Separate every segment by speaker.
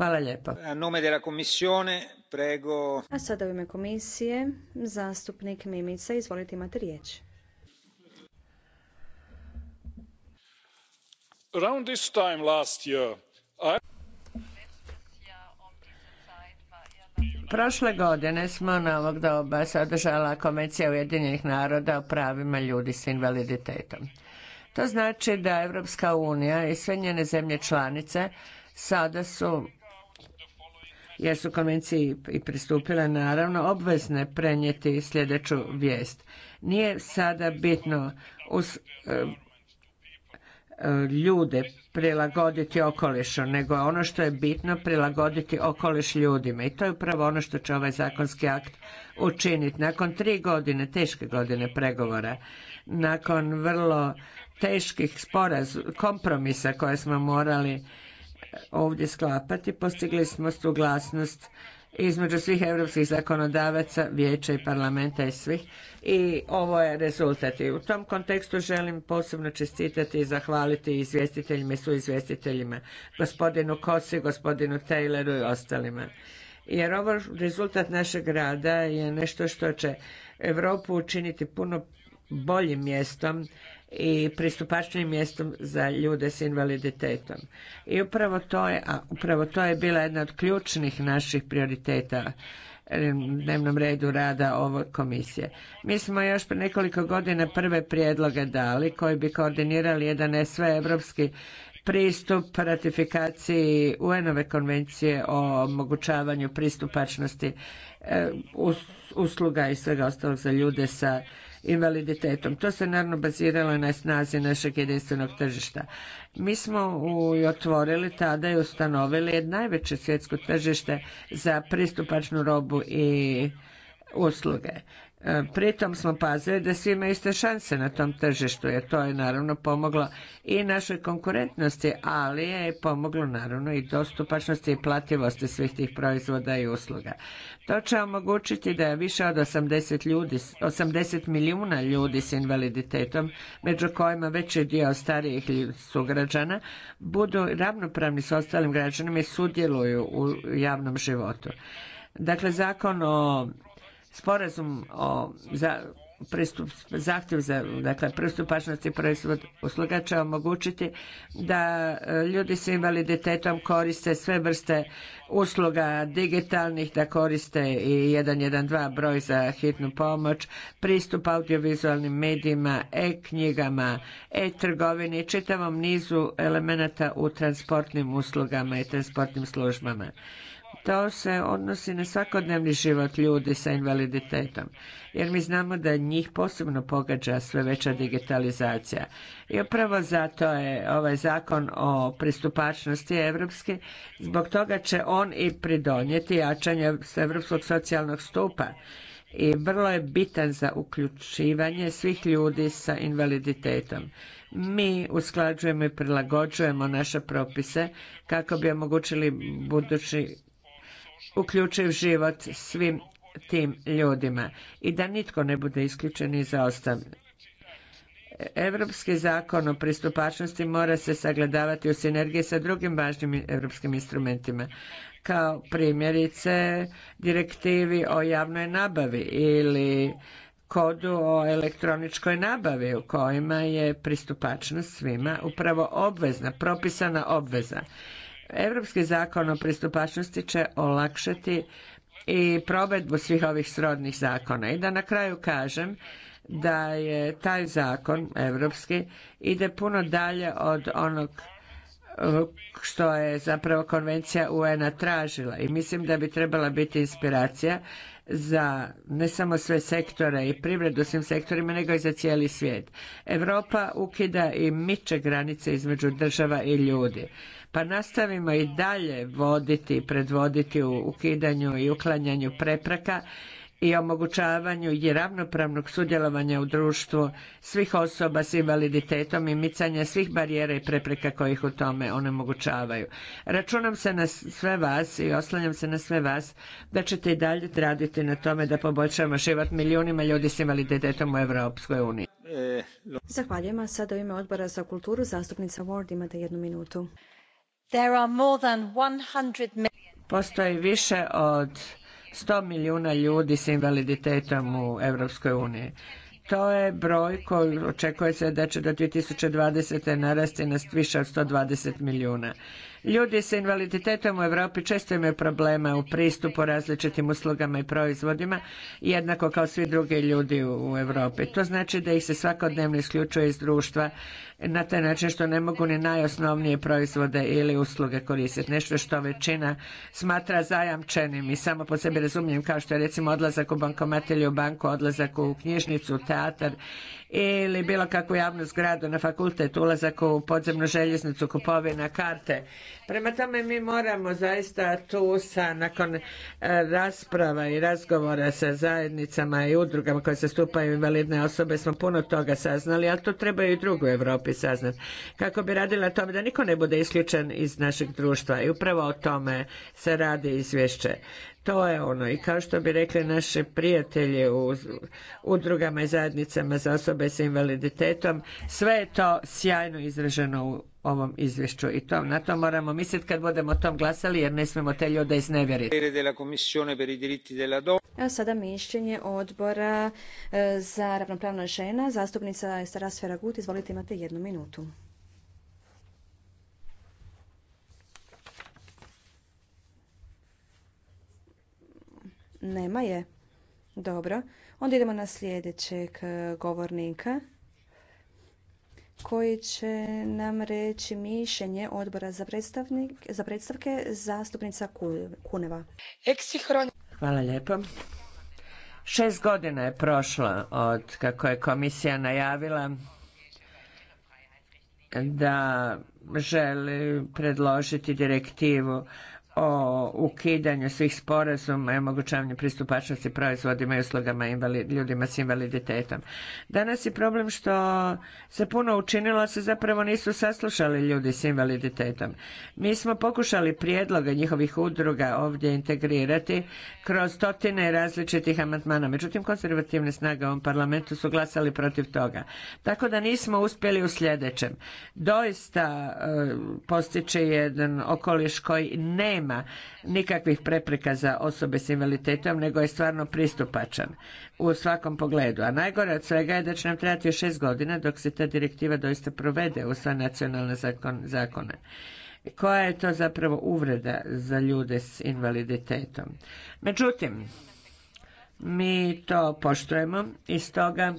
Speaker 1: Hvala lijepa. A sada u ime komisije, zastupnik Mimica, izvolite imate riječ.
Speaker 2: Prošle godine smo na ovog doba sadržala Konvencija Ujedinjenih naroda o pravima ljudi s invaliditetom. To znači da Europska unija i sve njene zemlje članice sada su jer su konvenciji i pristupile naravno obvezne prenijeti sljedeću vijest. Nije sada bitno uz e, ljude prilagoditi okolišu, nego ono što je bitno prilagoditi okoliš ljudima. I to je upravo ono što će ovaj zakonski akt učiniti. Nakon tri godine, teške godine pregovora, nakon vrlo teških sporaz, kompromisa koje smo morali ovdje sklapati. Postigli smo suglasnost između svih europskih zakonodavaca, vijeća i parlamenta i svih. I ovo je rezultat. I u tom kontekstu želim posebno čestitati i zahvaliti izvjestiteljima i suizvjestiteljima, gospodinu Kosi, gospodinu Tayloru i ostalima. Jer ovo rezultat našeg rada je nešto što će Europu učiniti puno boljim mjestom i pristupačnim mjestom za ljude s invaliditetom. I upravo to je, upravo to je bila jedna od ključnih naših prioriteta dnevnom redu rada ove komisije. Mi smo još pre nekoliko godina prve prijedloge dali koji bi koordinirali jedan sveevropski pristup ratifikaciji UN-ove konvencije o omogućavanju pristupačnosti e, usluga i svega ostalog za ljude sa invaliditetom. To se naravno baziralo na snazi našeg jedinstvenog tržišta. Mi smo i otvorili tada i ustanovili najveće svjetsko tržište za pristupačnu robu i usluge. E, pritom smo pazili da svi imaju iste šanse na tom tržištu, jer to je naravno pomoglo i našoj konkurentnosti, ali je pomoglo naravno i dostupačnosti i plativosti svih tih proizvoda i usluga. To će omogućiti da je više od 80, ljudi, 80 milijuna ljudi s invaliditetom, među kojima veći dio starijih sugrađana, budu ravnopravni s ostalim građanima i sudjeluju u javnom životu. Dakle, zakon o sporazum o pristup, zahtjev za dakle, i proizvod usluga će omogućiti da e, ljudi s invaliditetom koriste sve vrste usluga digitalnih, da koriste i 112 broj za hitnu pomoć, pristup audiovizualnim medijima, e-knjigama, e-trgovini, čitavom nizu elemenata u transportnim uslugama i transportnim službama to se odnosi na svakodnevni život ljudi sa invaliditetom. Jer mi znamo da njih posebno pogađa sve veća digitalizacija. I upravo zato je ovaj zakon o pristupačnosti evropski, zbog toga će on i pridonijeti jačanje evropskog socijalnog stupa i vrlo je bitan za uključivanje svih ljudi sa invaliditetom. Mi usklađujemo i prilagođujemo naše propise kako bi omogućili budući uključiv život svim tim ljudima i da nitko ne bude isključen i zaostavljen. Europski zakon o pristupačnosti mora se sagledavati u sinergiji sa drugim važnim europskim instrumentima, kao primjerice direktivi o javnoj nabavi ili kodu o elektroničkoj nabavi u kojima je pristupačnost svima upravo obvezna, propisana obveza. Europski zakon o pristupačnosti će olakšati i provedbu svih ovih srodnih zakona. I da na kraju kažem da je taj zakon europski ide puno dalje od onog uh, što je zapravo konvencija UN-a tražila i mislim da bi trebala biti inspiracija za ne samo sve sektore i privredu svim sektorima, nego i za cijeli svijet. Europa ukida i miče granice između država i ljudi pa nastavimo i dalje voditi i predvoditi u ukidanju i uklanjanju prepreka i omogućavanju i ravnopravnog sudjelovanja u društvu svih osoba s invaliditetom i micanja svih barijera i prepreka koje ih u tome onemogućavaju. Računam se na sve vas i oslanjam se na sve vas da ćete i dalje raditi na tome da poboljšamo život milijunima ljudi s invaliditetom u Europskoj uniji.
Speaker 1: E, Zahvaljujem. sada u ime odbora za kulturu zastupnica Ward imate jednu minutu. There are more than 100...
Speaker 2: Postoji više od 100 milijuna ljudi s invaliditetom u Europskoj uniji. To je broj koji očekuje se da će do 2020. narasti na više od 120 milijuna. Ljudi s invaliditetom u Europi često imaju problema u pristupu različitim uslugama i proizvodima, jednako kao svi drugi ljudi u Europi. To znači da ih se svakodnevno isključuje iz društva na taj način što ne mogu ni najosnovnije proizvode ili usluge koristiti. Nešto što većina smatra zajamčenim i samo po sebi razumijem kao što je recimo odlazak u bankomat ili u banku, odlazak u knjižnicu, teatar ili bilo kakvu javnu zgradu na fakultet, ulazak u podzemnu željeznicu, kupovina karte. Prema tome mi moramo zaista tu sa nakon e, rasprava i razgovora sa zajednicama i udrugama koje zastupaju invalidne osobe smo puno toga saznali, ali to treba i drugu Europi saznati. Kako bi radila na tome da niko ne bude isključen iz našeg društva i upravo o tome se radi izvješće. To je ono i kao što bi rekli naše prijatelje u udrugama i zajednicama za osobe s invaliditetom, sve je to sjajno izraženo u ovom izvješću i to, na to moramo misliti kad budemo o tom glasali jer ne smijemo te ljude iznevjeriti.
Speaker 1: Evo sada mišljenje odbora e, za ravnopravno žena, zastupnica Estaras Sferagut, izvolite imate jednu minutu. Nema je. Dobro. Onda idemo na sljedećeg e, govornika koji će nam reći mišljenje odbora za, za predstavke zastupnica Kuneva.
Speaker 2: Hvala lijepo. Šest godina je prošlo od kako je komisija najavila da želi predložiti direktivu o ukidanju svih sporazuma i omogućavanju pristupačnosti proizvodima i uslugama ljudima s invaliditetom. Danas je problem što se puno učinilo, se zapravo nisu saslušali ljudi s invaliditetom. Mi smo pokušali prijedloge njihovih udruga ovdje integrirati kroz stotine različitih amandmana. Međutim, konservativne snage u ovom parlamentu su glasali protiv toga. Tako da nismo uspjeli u sljedećem. Doista e, postići jedan okoliš koji nema nema nikakvih prepreka za osobe s invaliditetom, nego je stvarno pristupačan u svakom pogledu. A najgore od svega je da će nam trebati još šest godina dok se ta direktiva doista provede u sva nacionalna zakona. zakone. Koja je to zapravo uvreda za ljude s invaliditetom? Međutim, mi to poštujemo i stoga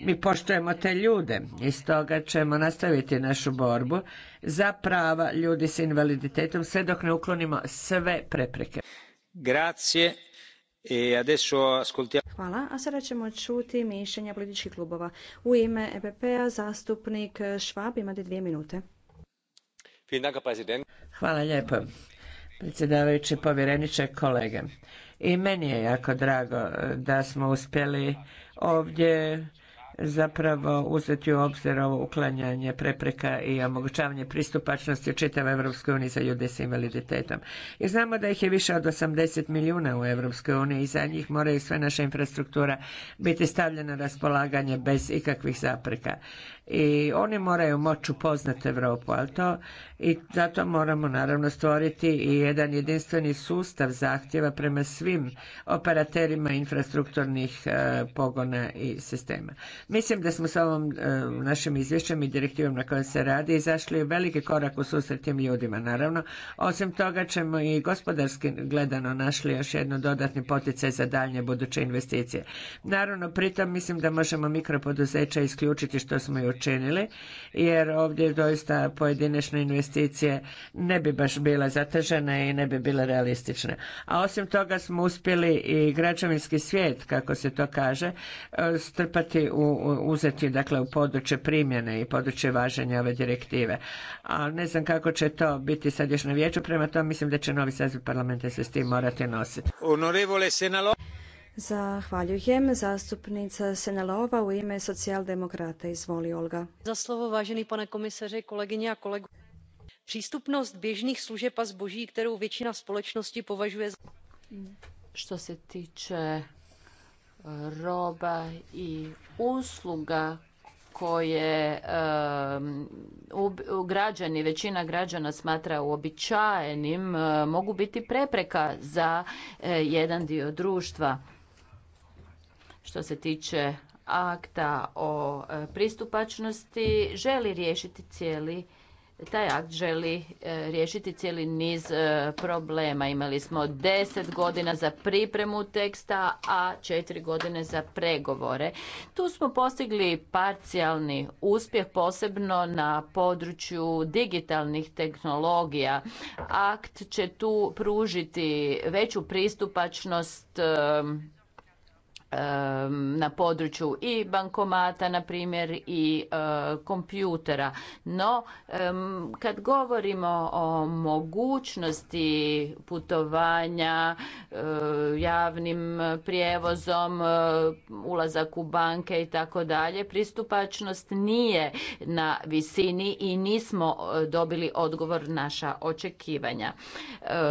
Speaker 2: mi poštujemo te ljude i stoga ćemo nastaviti našu borbu za prava ljudi s invaliditetom sve dok ne uklonimo sve prepreke. Grazie. E adesso
Speaker 1: Hvala, a sada ćemo čuti mišljenja političkih klubova. U ime EPP-a zastupnik Švab, imate dvije minute. Hvala lijepo,
Speaker 2: predsjedavajući povjereniče kolege. I meni je jako drago da smo uspjeli ovdje zapravo uzeti u obzir ovo uklanjanje prepreka i omogućavanje pristupačnosti u Europskoj uniji za ljude s invaliditetom. I znamo da ih je više od 80 milijuna u Europskoj uniji i za njih moraju sve naša infrastruktura biti stavljena na raspolaganje bez ikakvih zapreka i oni moraju moći upoznati Europu, ali to i zato moramo naravno stvoriti i jedan jedinstveni sustav zahtjeva prema svim operaterima infrastrukturnih e, pogona i sistema. Mislim da smo s ovom e, našim izvješćem i direktivom na kojoj se radi izašli veliki korak u susret tim ljudima, naravno. Osim toga ćemo i gospodarski gledano našli još jedno dodatni poticaj za daljnje buduće investicije. Naravno, pritom mislim da možemo mikropoduzeća isključiti što smo učinili učinili jer ovdje doista pojedinačne investicije ne bi baš bile zatežene i ne bi bile realistične. A osim toga smo uspjeli i građevinski svijet, kako se to kaže, e, strpati, u, uzeti dakle, u područje primjene i područje važenja ove direktive. A ne znam kako će to biti sad još na vijeću, prema tome mislim da će novi saziv parlamenta se s tim morati nositi.
Speaker 1: Onorevole Senalo... Zahvaljujem. Zastupnica Senalova u ime socijaldemokrata. Izvoli, Olga. Za slovo, vážený pane komisaři, kolegyně a kolegu. Přístupnost běžných služeb a zboží, kterou většina
Speaker 3: společnosti považuje Što se tiče e, roba i usluga koje um, građani, većina građana smatra uobičajenim, e, mogu biti prepreka za uh, jedan dio društva što se tiče akta o e, pristupačnosti želi riješiti cijeli taj akt želi e, riješiti cijeli niz e, problema. Imali smo deset godina za pripremu teksta, a četiri godine za pregovore. Tu smo postigli parcijalni uspjeh, posebno na području digitalnih tehnologija. Akt će tu pružiti veću pristupačnost na području i bankomata na primjer i e, kompjutera no kad govorimo o mogućnosti putovanja e, javnim prijevozom e, ulazak u banke i tako dalje pristupačnost nije na visini i nismo dobili odgovor naša očekivanja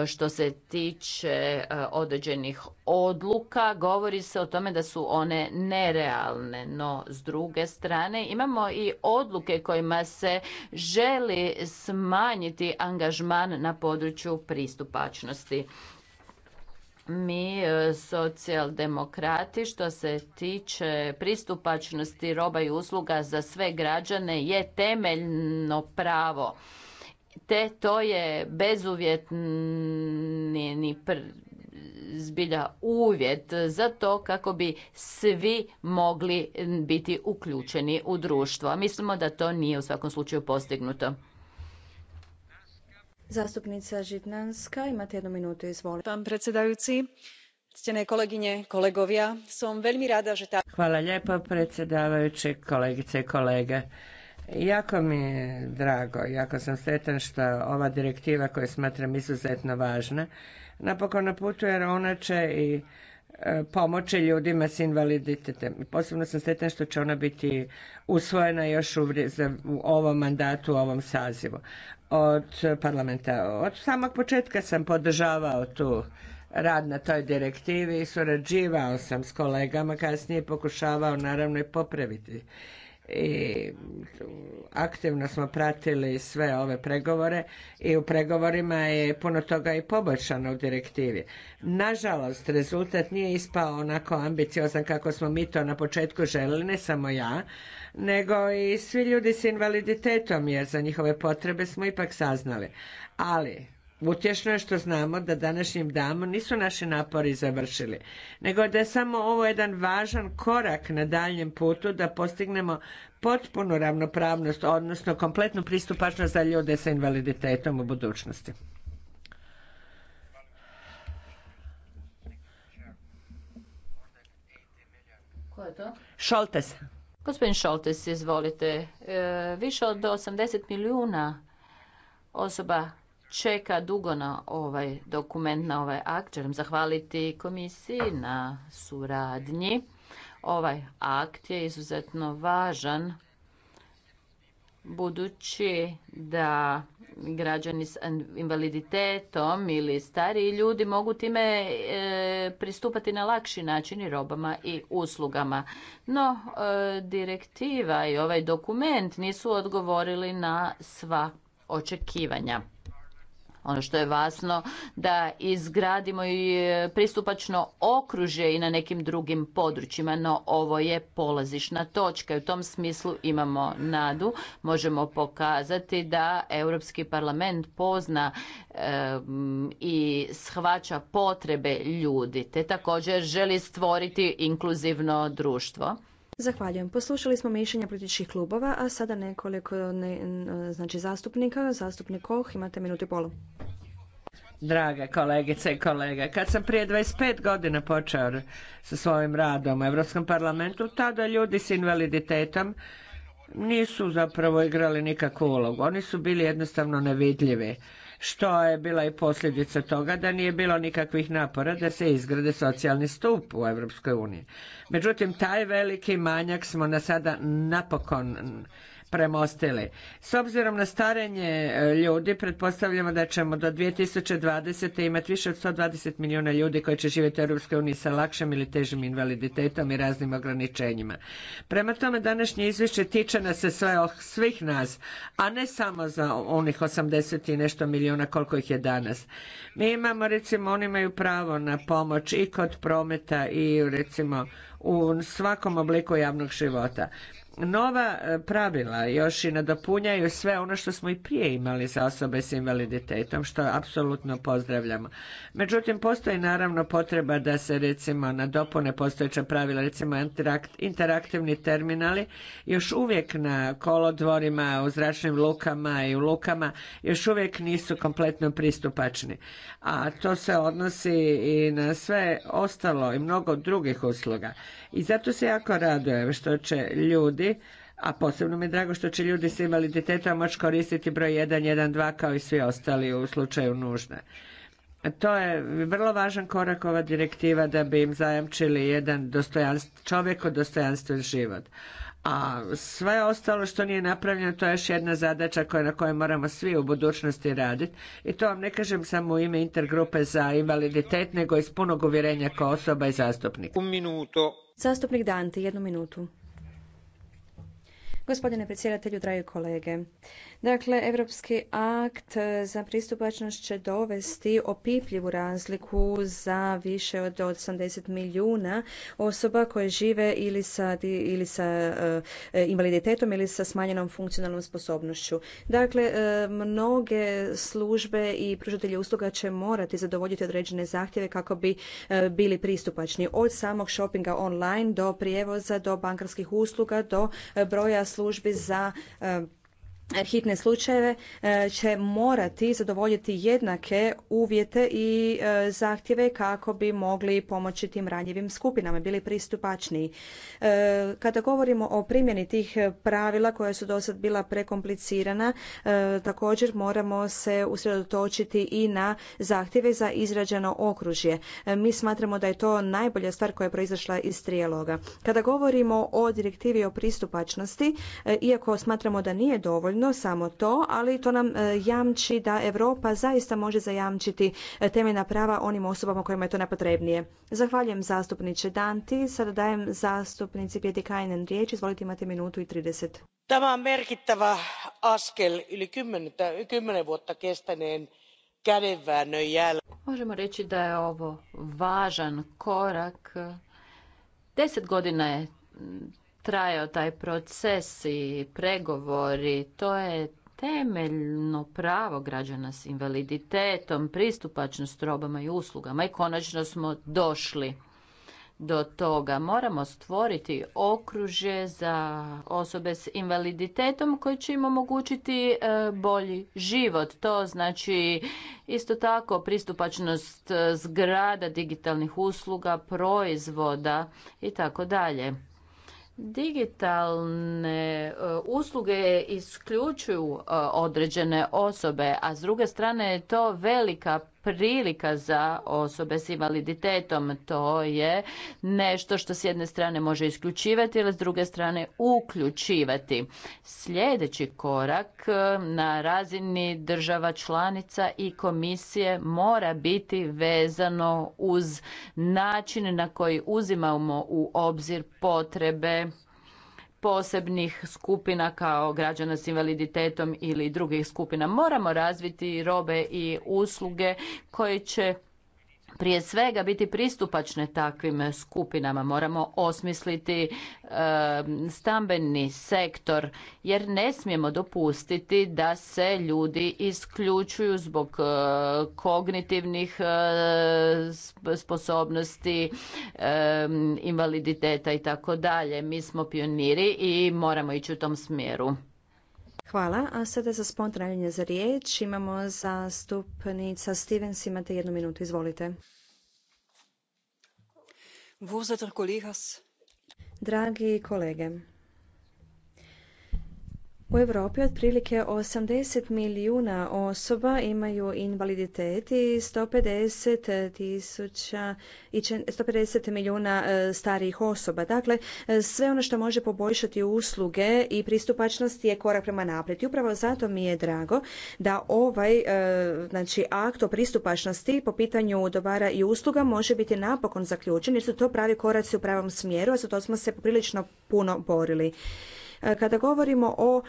Speaker 3: što se tiče određenih odluka govori se o tome da su one nerealne, no s druge strane imamo i odluke kojima se želi smanjiti angažman na području pristupačnosti mi e, socijaldemokrati što se tiče pristupačnosti roba i usluga za sve građane je temeljno pravo te to je bezuvjetni zbilja uvjet za to kako bi svi mogli biti uključeni u društvo. mislimo da to nije u svakom slučaju postignuto.
Speaker 1: Zastupnica Žitnanska, imate jednu minutu, izvolite. Pan predsjedajući, koleginje, kolegovia, som veľmi rada, že
Speaker 2: Hvala lijepo, predsjedavajući, kolegice i kolege. Jako mi je drago, jako sam sretan što ova direktiva koju smatram izuzetno važna, napokon na putu jer ona će i e, pomoći ljudima s invaliditetom. Posebno sam sretna što će ona biti usvojena još u, u ovom mandatu, u ovom sazivu od parlamenta. Od samog početka sam podržavao tu rad na toj direktivi i surađivao sam s kolegama, kasnije pokušavao naravno i popraviti i e, aktivno smo pratili sve ove pregovore i u pregovorima je puno toga i poboljšano u direktivi. Nažalost, rezultat nije ispao onako ambiciozan kako smo mi to na početku želili, ne samo ja, nego i svi ljudi s invaliditetom jer za njihove potrebe smo ipak saznali. Ali, Utješno je što znamo da današnjim damo nisu naši napori završili, nego da je samo ovo jedan važan korak na daljem putu da postignemo potpunu ravnopravnost, odnosno kompletnu pristupačnost za ljude sa invaliditetom u budućnosti.
Speaker 3: Ko Šoltes. Gospodin Šoltes, izvolite. E, više od 80 milijuna osoba čeka dugo na ovaj dokument, na ovaj akt. Želim zahvaliti komisiji na suradnji. Ovaj akt je izuzetno važan budući da građani s invaliditetom ili stariji ljudi mogu time e, pristupati na lakši način i robama i uslugama. No, e, direktiva i ovaj dokument nisu odgovorili na sva očekivanja. Ono što je vasno da izgradimo i e, pristupačno okružje i na nekim drugim područjima, no ovo je polazišna točka i u tom smislu imamo nadu. Možemo pokazati da Europski parlament pozna e, i shvaća potrebe ljudi, te također želi stvoriti inkluzivno društvo.
Speaker 1: Zahvaljujem. Poslušali smo mišljenja političkih klubova, a sada nekoliko ne, znači zastupnika. Zastupnik Koh, imate minutu i polu.
Speaker 2: Drage kolegice i kolege, kad sam prije 25 godina počeo sa svojim radom u Europskom parlamentu, tada ljudi s invaliditetom nisu zapravo igrali nikakvu ulogu. Oni su bili jednostavno nevidljivi što je bila i posljedica toga da nije bilo nikakvih napora da se izgrade socijalni stup u Europskoj uniji. Međutim, taj veliki manjak smo na sada napokon premostili. S obzirom na starenje e, ljudi, pretpostavljamo da ćemo do 2020. imati više od 120 milijuna ljudi koji će živjeti u Europskoj uniji sa lakšim ili težim invaliditetom i raznim ograničenjima. Prema tome, današnje izvješće tiče nas se sve, svih nas, a ne samo za onih 80 i nešto milijuna koliko ih je danas. Mi imamo, recimo, oni imaju pravo na pomoć i kod prometa i recimo u svakom obliku javnog života nova e, pravila još i nadopunjaju sve ono što smo i prije imali za osobe s invaliditetom, što apsolutno pozdravljamo. Međutim, postoji naravno potreba da se recimo nadopune postojeća pravila, recimo interaktivni terminali, još uvijek na kolodvorima, u zračnim lukama i u lukama, još uvijek nisu kompletno pristupačni. A to se odnosi i na sve ostalo i mnogo drugih usluga. I zato se jako raduje što će ljudi a posebno mi je drago što će ljudi s invaliditetom moći koristiti broj 112 kao i svi ostali u slučaju nužne. To je vrlo važan korak ova direktiva da bi im zajamčili jedan dostojanstva dostojanstven život. A sve ostalo što nije napravljeno to je još jedna zadaća na kojoj moramo svi u budućnosti raditi. I to vam ne kažem samo u ime intergrupe za invaliditet, nego iz punog uvjerenja kao osoba i zastupnik. minuto.
Speaker 1: Zastupnik Dante, jednu minutu. Gospodine predsjedatelju, drage kolege, Dakle, Europski akt za pristupačnost će dovesti opipljivu razliku za više od 80 milijuna osoba koje žive ili sa, ili sa e, invaliditetom ili sa smanjenom funkcionalnom sposobnošću. Dakle, e, mnoge službe i pružatelji usluga će morati zadovoljiti određene zahtjeve kako bi e, bili pristupačni od samog shoppinga online do prijevoza, do bankarskih usluga, do broja službi za E, hitne slučajeve e, će morati zadovoljiti jednake uvjete i e, zahtjeve kako bi mogli pomoći tim ranjivim skupinama, bili pristupačniji. Kada govorimo o primjeni tih pravila koja su do sad bila prekomplicirana, također moramo se usredotočiti i na zahtjeve za izrađeno okružje. Mi smatramo da je to najbolja stvar koja je proizašla iz trijeloga. Kada govorimo o direktivi o pristupačnosti, iako smatramo da nije dovoljno, naravno samo to, ali to nam e, jamči da Europa zaista može zajamčiti e, temeljna prava onim osobama kojima je to najpotrebnije. Zahvaljujem zastupniče Danti. Sada dajem zastupnici Pjeti Kajnen riječ. Izvolite imate minutu i 30.
Speaker 2: Tämä on merkittävä askel yli 10, vuotta kestäneen kädenväännön jälkeen.
Speaker 3: Možemo reći da je ovo važan korak. Deset godina je trajao taj proces i pregovori, to je temeljno pravo građana s invaliditetom, pristupačnost robama i uslugama i konačno smo došli do toga. Moramo stvoriti okružje za osobe s invaliditetom koji će im omogućiti e, bolji život. To znači isto tako pristupačnost e, zgrada, digitalnih usluga, proizvoda i tako dalje. Digitalne e, usluge isključuju e, određene osobe, a s druge strane je to velika prilika za osobe s invaliditetom. To je nešto što s jedne strane može isključivati, ali s druge strane uključivati. Sljedeći korak eh, na razini država članica i komisije mora biti vezano uz način na koji uzimamo u obzir potrebe posebnih skupina kao građana s invaliditetom ili drugih skupina. Moramo razviti robe i usluge koje će prije svega biti pristupačne takvim skupinama. Moramo osmisliti stambeni sektor jer ne smijemo dopustiti da se ljudi isključuju zbog e, kognitivnih e, sposobnosti, invaliditeta i tako dalje. Mi smo pioniri i moramo ići u tom smjeru. Hvala. A sada
Speaker 1: za spontranjenje za riječ imamo zastupnica Stevens. Imate jednu minutu. Izvolite. Dragi kolege, u Europi otprilike 80 milijuna osoba imaju invaliditet i 150 i milijuna e, starijih osoba. Dakle, e, sve ono što može poboljšati usluge i pristupačnost je korak prema naprijed. Upravo zato mi je drago da ovaj e, znači, akt o pristupačnosti po pitanju dobara i usluga može biti napokon zaključen jer su to pravi koraci u pravom smjeru, a za to smo se prilično puno borili. E, kada govorimo o,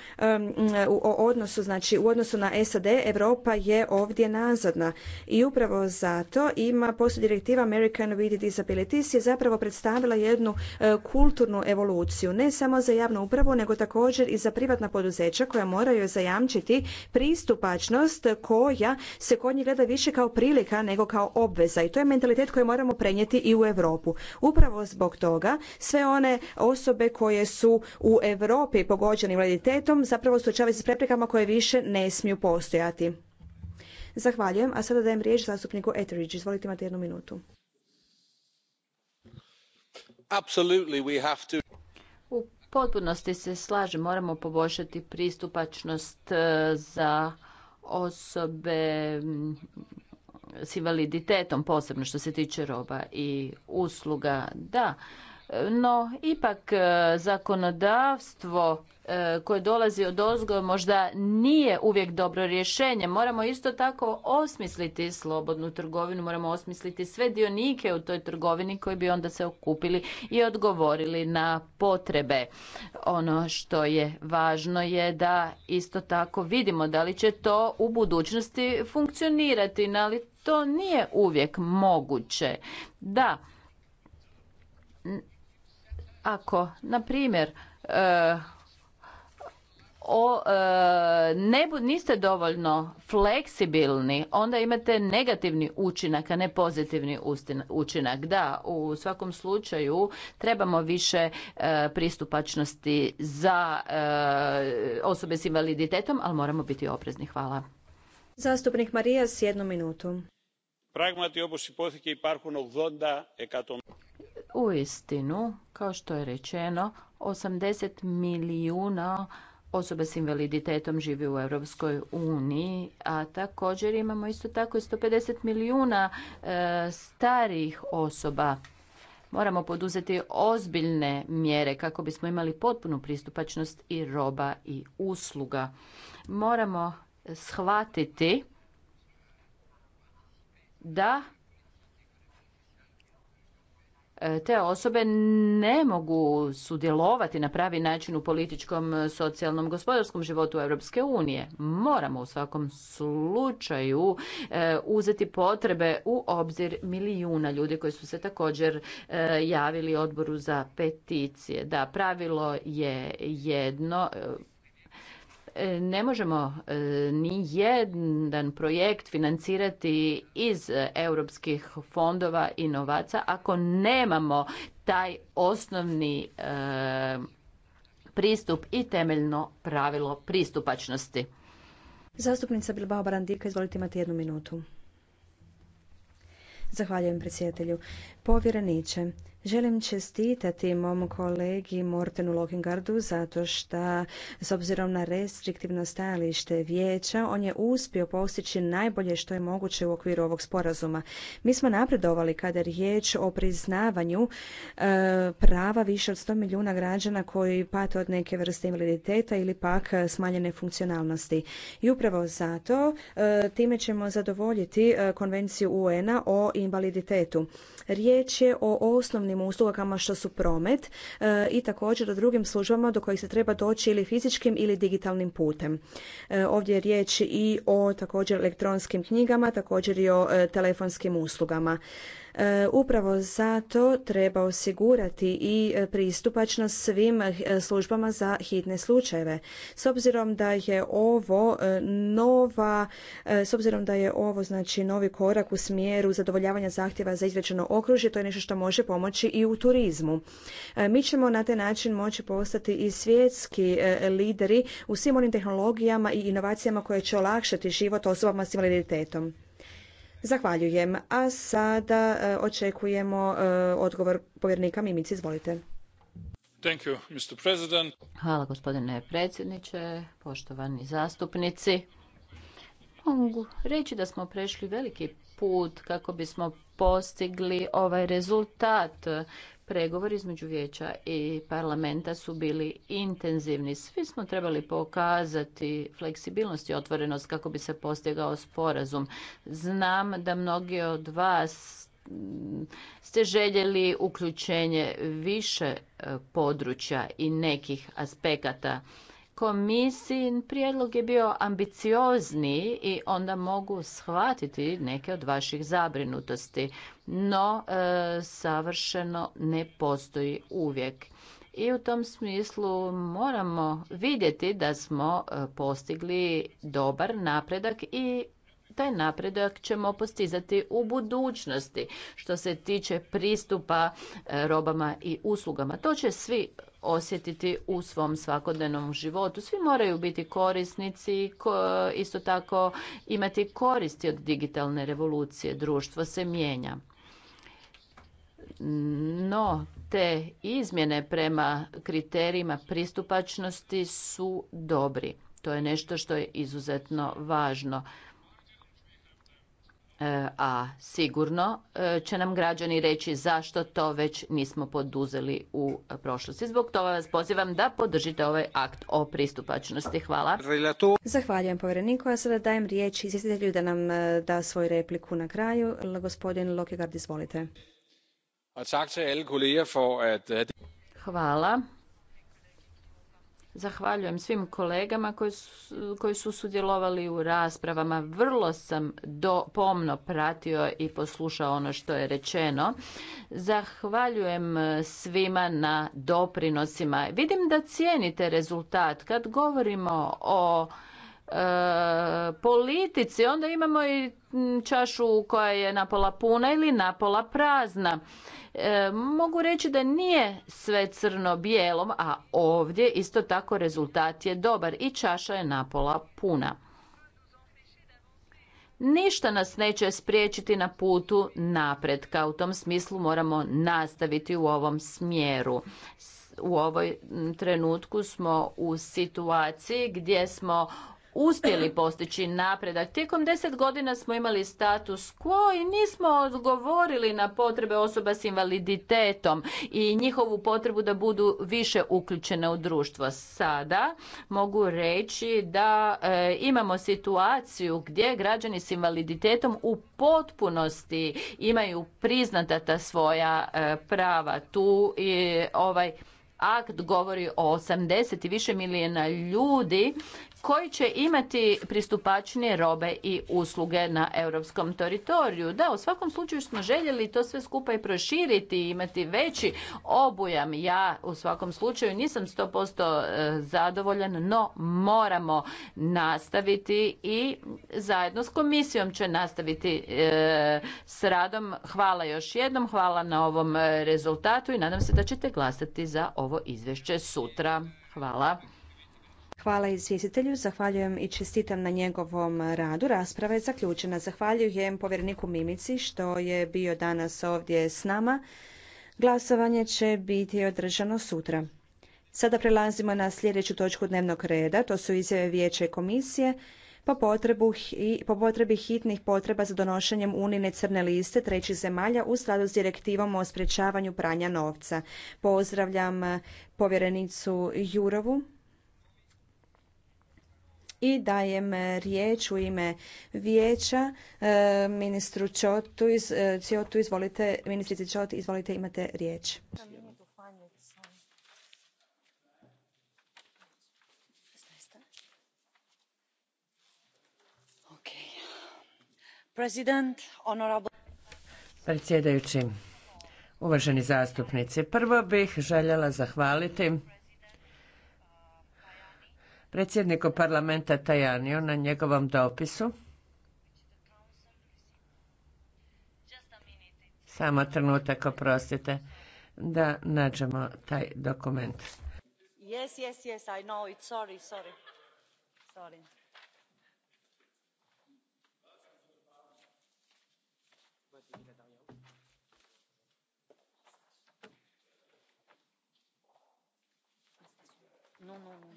Speaker 1: odnosu, znači u odnosu na SAD, Europa je ovdje nazadna i upravo zato ima poslije direktiva American with Disabilities je zapravo predstavila jednu e, kulturnu evoluciju, ne samo za javnu upravu, nego također i za privatna poduzeća koja moraju zajamčiti pristupačnost koja se kod njih gleda više kao prilika nego kao obveza i to je mentalitet koji moramo prenijeti i u Europu. Upravo zbog toga sve one osobe koje su u Europi Europi pogođeni invaliditetom zapravo suočavaju se s preprekama koje više ne smiju postojati. Zahvaljujem, a sada dajem riječ zastupniku Etheridge. Izvolite,
Speaker 3: imati jednu minutu. U potpunosti se slažem, moramo poboljšati pristupačnost e, za osobe s invaliditetom, posebno što se tiče roba i usluga. Da, no ipak e, zakonodavstvo e, koje dolazi od ozgo možda nije uvijek dobro rješenje. Moramo isto tako osmisliti slobodnu trgovinu, moramo osmisliti sve dionike u toj trgovini koji bi onda se okupili i odgovorili na potrebe. Ono što je važno je da isto tako vidimo da li će to u budućnosti funkcionirati, ali to nije uvijek moguće. Da, ako, na primjer, e, o, e, niste dovoljno fleksibilni, onda imate negativni učinak, a ne pozitivni učinak. Da, u svakom slučaju trebamo više e, pristupačnosti za osobe s invaliditetom, ali moramo biti oprezni. Hvala. Zastupnik Marija s jednu minutu. Pragmati uistinu kao što je rečeno 80 milijuna osoba s invaliditetom živi u Europskoj uniji, a također imamo isto tako i 150 milijuna starijih e, starih osoba. Moramo poduzeti ozbiljne mjere kako bismo imali potpunu pristupačnost i roba i usluga. Moramo shvatiti da E, te osobe ne mogu sudjelovati na pravi način u političkom, socijalnom, gospodarskom životu Europske unije. Moramo u svakom slučaju e, uzeti potrebe u obzir milijuna ljudi koji su se također e, javili odboru za peticije. Da, pravilo je jedno, E, ne možemo e, ni jedan projekt financirati iz e, europskih fondova i novaca ako nemamo taj osnovni pristup i temeljno pravilo pristupačnosti. Zastupnica Bilbao Barandika, izvolite imate jednu minutu.
Speaker 1: Zahvaljujem predsjedatelju. Povjereniče, želim čestitati mom kolegi Mortenu Lokingardu zato što s obzirom na restriktivno stajalište vijeća on je uspio postići najbolje što je moguće u okviru ovog sporazuma. Mi smo napredovali kada je riječ o priznavanju e, prava više od 100 milijuna građana koji pate od neke vrste invaliditeta ili pak smanjene funkcionalnosti. I upravo zato e, time ćemo zadovoljiti e, konvenciju UN-a o invaliditetu. Riječ je o osnovnim uslugama što su promet e, i također o drugim službama do kojih se treba doći ili fizičkim ili digitalnim putem. E, ovdje je riječ i o također elektronskim knjigama, također i o e, telefonskim uslugama. E, upravo zato treba osigurati i e, pristupačnost svim e, službama za hitne slučajeve. S obzirom da je ovo nova, s obzirom da je ovo znači novi korak u smjeru zadovoljavanja zahtjeva za izrečeno okružje, to je nešto što može pomoći i u turizmu. Mi ćemo na taj način moći postati i svjetski lideri u svim onim tehnologijama i inovacijama koje će olakšati život osobama s invaliditetom. Zahvaljujem. A
Speaker 3: sada e, očekujemo e, odgovor povjernika Mimici. Izvolite. Hvala gospodine predsjedniče, poštovani zastupnici. Mogu reći da smo prešli veliki put kako bismo postigli ovaj rezultat pregovori između vijeća i parlamenta su bili intenzivni. Svi smo trebali pokazati fleksibilnost i otvorenost kako bi se postigao sporazum. Znam da mnogi od vas ste željeli uključenje više e, područja i nekih aspekata Komisijin prijedlog je bio ambiciozniji i onda mogu shvatiti neke od vaših zabrinutosti, no e, savršeno ne postoji uvijek. I u tom smislu moramo vidjeti da smo e, postigli dobar napredak i taj napredak ćemo postizati u budućnosti što se tiče pristupa e, robama i uslugama. To će svi osjetiti u svom svakodnevnom životu. Svi moraju biti korisnici, i isto tako imati koristi od digitalne revolucije. Društvo se mijenja. No, te izmjene prema kriterijima pristupačnosti su dobri. To je nešto što je izuzetno važno. E, a sigurno e, će nam građani reći zašto to već nismo poduzeli u prošlosti. Zbog toga vas pozivam da podržite ovaj akt o pristupačnosti. Hvala. Zahvaljujem
Speaker 1: povjereniku, a sada dajem riječ izvjestitelju da nam e, da svoju repliku na kraju. Gospodin
Speaker 3: Lokegard, izvolite. Hvala. Zahvaljujem svim kolegama koji su, koji su sudjelovali u raspravama. Vrlo sam do, pomno pratio i poslušao ono što je rečeno. Zahvaljujem svima na doprinosima. Vidim da cijenite rezultat kad govorimo o E, politici, onda imamo i čašu koja je napola puna ili napola prazna. E, mogu reći da nije sve crno-bijelom, a ovdje isto tako rezultat je dobar i čaša je napola puna. Ništa nas neće spriječiti na putu napretka. U tom smislu moramo nastaviti u ovom smjeru u ovoj trenutku smo u situaciji gdje smo uspjeli postići napredak. Tijekom deset godina smo imali status quo i nismo odgovorili na potrebe osoba s invaliditetom i njihovu potrebu da budu više uključene u društvo. Sada mogu reći da e, imamo situaciju gdje građani s invaliditetom u potpunosti imaju priznata ta svoja e, prava. Tu i e, ovaj akt govori o 80 i više milijuna ljudi koji će imati pristupačnije robe i usluge na europskom teritoriju. Da, u svakom slučaju smo željeli to sve skupa i proširiti i imati veći obujam. Ja u svakom slučaju nisam 100% e, zadovoljan, no moramo nastaviti i zajedno s komisijom će nastaviti e, s radom. Hvala još jednom, hvala na ovom rezultatu i nadam se da ćete glasati za ovo izvješće sutra. Hvala. Hvala izvjestitelju, zahvaljujem i čestitam
Speaker 1: na njegovom radu. Rasprava je zaključena. Zahvaljujem povjereniku Mimici što je bio danas ovdje s nama. Glasovanje će biti održano sutra. Sada prelazimo na sljedeću točku dnevnog reda, to su izjave vijeće komisije po, potrebu, po potrebi hitnih potreba za donošenjem unine crne liste trećih zemalja u skladu s direktivom o sprječavanju pranja novca. Pozdravljam povjerenicu Jurovu i dajem e, riječ u ime vijeća e, ministru Čotu. Iz, e, izvolite, ministrici Čot, izvolite, imate riječ. Honorable...
Speaker 2: Predsjedajući, uvaženi zastupnici, prvo bih željela zahvaliti predsjedniku parlamenta Tajaniju na njegovom dopisu. Samo trenutak, oprostite, da nađemo taj dokument.
Speaker 3: Yes, yes, yes, I know it. Sorry, sorry. Sorry. No, no, no.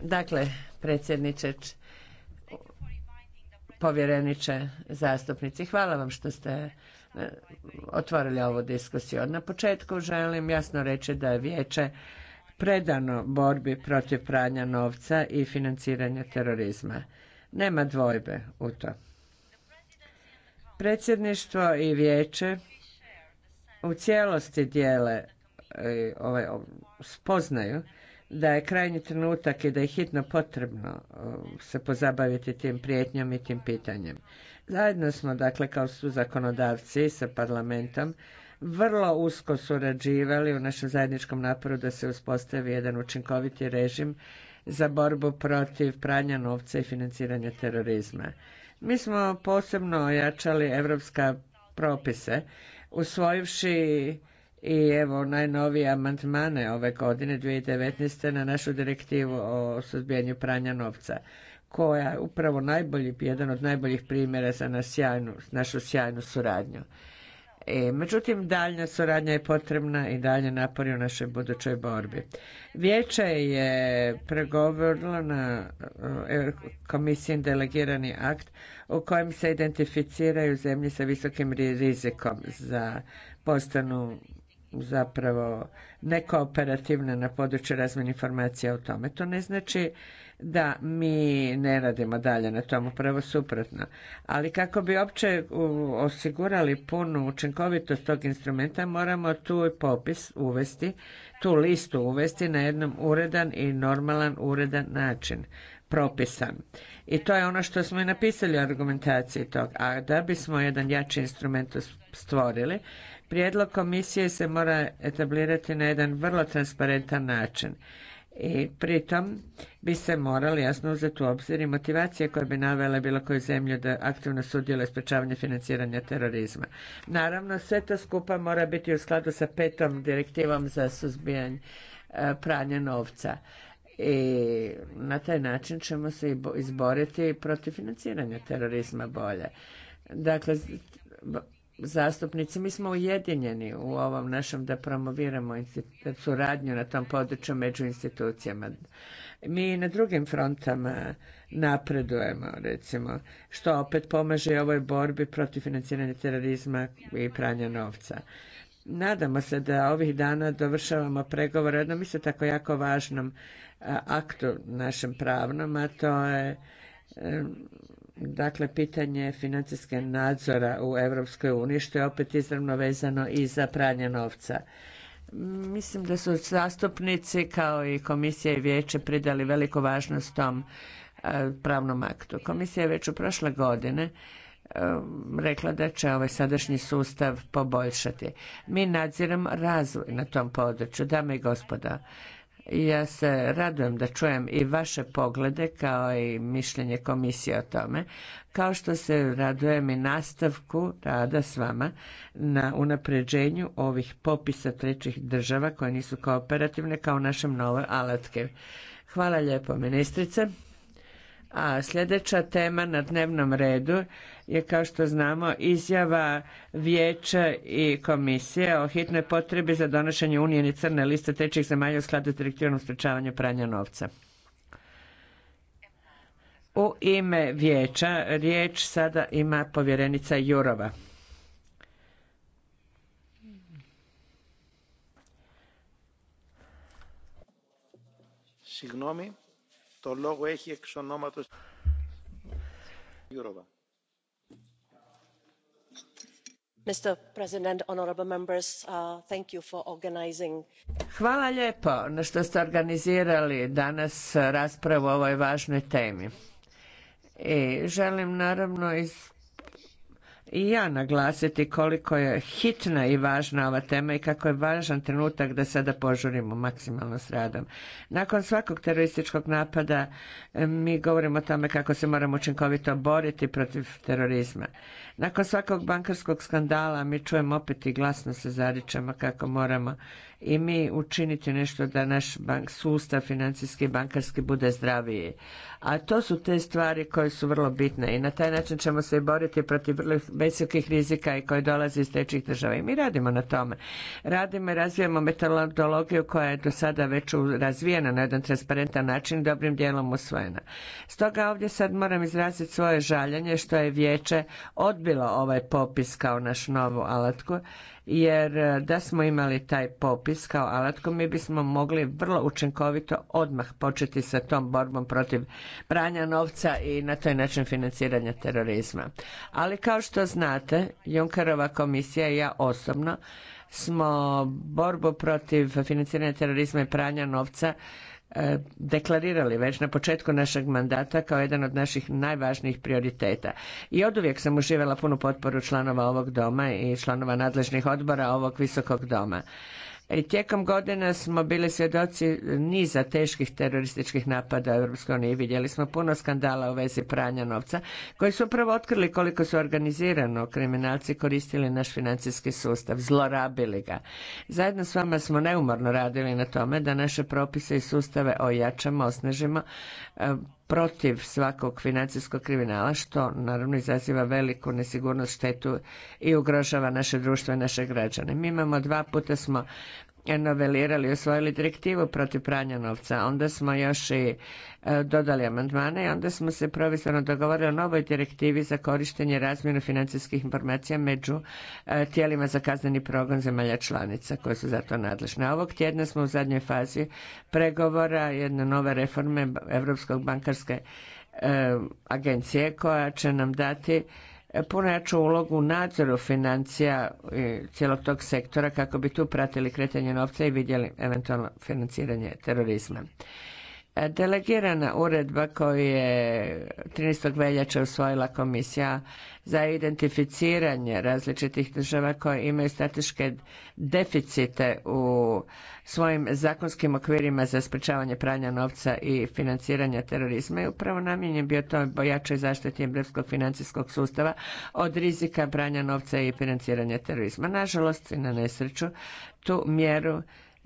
Speaker 2: dakle predsjedniče povjereniče zastupnici hvala vam što ste e, otvorili ovu diskusiju na početku želim jasno reći da je vijeće predano borbi protiv pranja novca i financiranja terorizma nema dvojbe u to Predsjedništvo i vijeće u cijelosti dijele e, ovaj, spoznaju da je krajnji trenutak i da je hitno potrebno e, se pozabaviti tim prijetnjom i tim pitanjem. Zajedno smo, dakle, kao su zakonodavci sa parlamentom, vrlo usko surađivali u našem zajedničkom naporu da se uspostavi jedan učinkoviti režim za borbu protiv pranja novca i financiranja terorizma. Mi smo posebno ojačali evropska propise, usvojivši i evo najnovije amandmane ove godine 2019. na našu direktivu o suzbijanju pranja novca koja je upravo najbolji, jedan od najboljih primjera za nas sjajnu, našu sjajnu suradnju. E, međutim, daljnja suradnja je potrebna i dalje napori u našoj budućoj borbi. Vijeće je pregovorilo na e, komisiji delegirani akt u kojem se identificiraju zemlje sa visokim rizikom za postanu zapravo nekooperativne na području razmjene informacija o tome. To ne znači da mi ne radimo dalje na tomu, upravo suprotno. Ali kako bi opće osigurali punu učinkovitost tog instrumenta, moramo tu popis uvesti, tu listu uvesti na jednom uredan i normalan, uredan način propisan. I to je ono što smo i napisali u argumentaciji tog. A da bismo jedan jači instrument stvorili, prijedlog komisije se mora etablirati na jedan vrlo transparentan način. I pritom bi se morali jasno uzeti u obzir i motivacije koje bi navele bilo koju zemlju da aktivno sudjeluje sprečavanje financiranja terorizma. Naravno, sve to skupa mora biti u skladu sa petom direktivom za suzbijanje e, pranja novca i na taj način ćemo se izboriti protiv financiranja terorizma bolje. Dakle, zastupnici, mi smo ujedinjeni u ovom našem da promoviramo suradnju na tom području među institucijama. Mi na drugim frontama napredujemo, recimo, što opet pomaže ovoj borbi protiv financiranja terorizma i pranja novca nadamo se da ovih dana dovršavamo pregovore o jednom isto tako jako važnom aktu našem pravnom, a to je dakle pitanje financijske nadzora u Europskoj uniji što je opet izravno vezano i za pranje novca. Mislim da su zastupnici kao i komisija i vijeće pridali veliku važnost tom e, pravnom aktu. Komisija je već u prošle godine rekla da će ovaj sadašnji sustav poboljšati. Mi nadziramo razvoj na tom području, dame i gospoda. Ja se radujem da čujem i vaše poglede kao i mišljenje komisije o tome, kao što se radujem i nastavku rada s vama na unapređenju ovih popisa trećih država koje nisu kooperativne kao našem nove alatke. Hvala lijepo ministrice. A sljedeća tema na dnevnom redu je kao što znamo izjava vijeća i komisije o hitnoj potrebi za donošenje unijene crne liste trećih zemalja u skladu s direktivom sprečavanja pranja novca. U ime vijeća riječ sada ima povjerenica Jurova.
Speaker 1: Signomi, to logo eksonomatos
Speaker 3: Jurova. Mr. President, uh,
Speaker 2: Hvala lijepo na što ste organizirali danas raspravu o ovoj važnoj temi. I želim naravno i ja naglasiti koliko je hitna i važna ova tema i kako je važan trenutak da sada požurimo maksimalno s radom. Nakon svakog terorističkog napada eh, mi govorimo o tome kako se moramo učinkovito boriti protiv terorizma. Nakon svakog bankarskog skandala mi čujemo opet i glasno se zaričemo kako moramo i mi učiniti nešto da naš bank, sustav financijski i bankarski bude zdraviji. A to su te stvari koje su vrlo bitne i na taj način ćemo se i boriti protiv vrlo visokih rizika i koje dolaze iz trećih država. I mi radimo na tome. Radimo i razvijamo metodologiju koja je do sada već razvijena na jedan transparentan način dobrim dijelom usvojena. Stoga ovdje sad moram izraziti svoje žaljenje što je vijeće od bilo ovaj popis kao naš novu alatku, jer e, da smo imali taj popis kao alatku, mi bismo mogli vrlo učinkovito odmah početi sa tom borbom protiv pranja novca i na taj način financiranja terorizma. Ali kao što znate, Junkerova komisija i ja osobno smo borbu protiv financiranja terorizma i pranja novca E, deklarirali već na početku našeg mandata kao jedan od naših najvažnijih prioriteta. I od uvijek sam uživala punu potporu članova ovog doma i članova nadležnih odbora ovog visokog doma. I tijekom godina smo bili svjedoci niza teških terorističkih napada u EU i vidjeli smo puno skandala u vezi pranja novca koji su upravo otkrili koliko su organizirano kriminalci koristili naš financijski sustav, zlorabili ga. Zajedno s vama smo neumorno radili na tome da naše propise i sustave ojačamo, osnažimo, protiv svakog financijskog kriminala što naravno izaziva veliku nesigurnost, štetu i ugrožava naše društvo i naše građane. Mi imamo dva puta smo novelirali i osvojili direktivu protiv pranja novca. Onda smo još i e, dodali amandmane i onda smo se provisorno dogovorili o novoj direktivi za korištenje razmjenu financijskih informacija među e, tijelima za kazneni progon zemalja članica koje su za to nadležne. Ovog tjedna smo u zadnjoj fazi pregovora jedne nove reforme Europskog bankarske e, agencije koja će nam dati puno jaču ulogu u nadzoru financija cijelog tog sektora kako bi tu pratili kretanje novca i vidjeli eventualno financiranje terorizma. Delegirana uredba koju je 13. veljače usvojila komisija za identificiranje različitih država koje imaju strateške deficite u svojim zakonskim okvirima za sprečavanje pranja novca i financiranja terorizma je upravo namijenjen bio to bojačoj zaštiti europskog financijskog sustava od rizika pranja novca i financiranja terorizma. Nažalost i na nesreću tu mjeru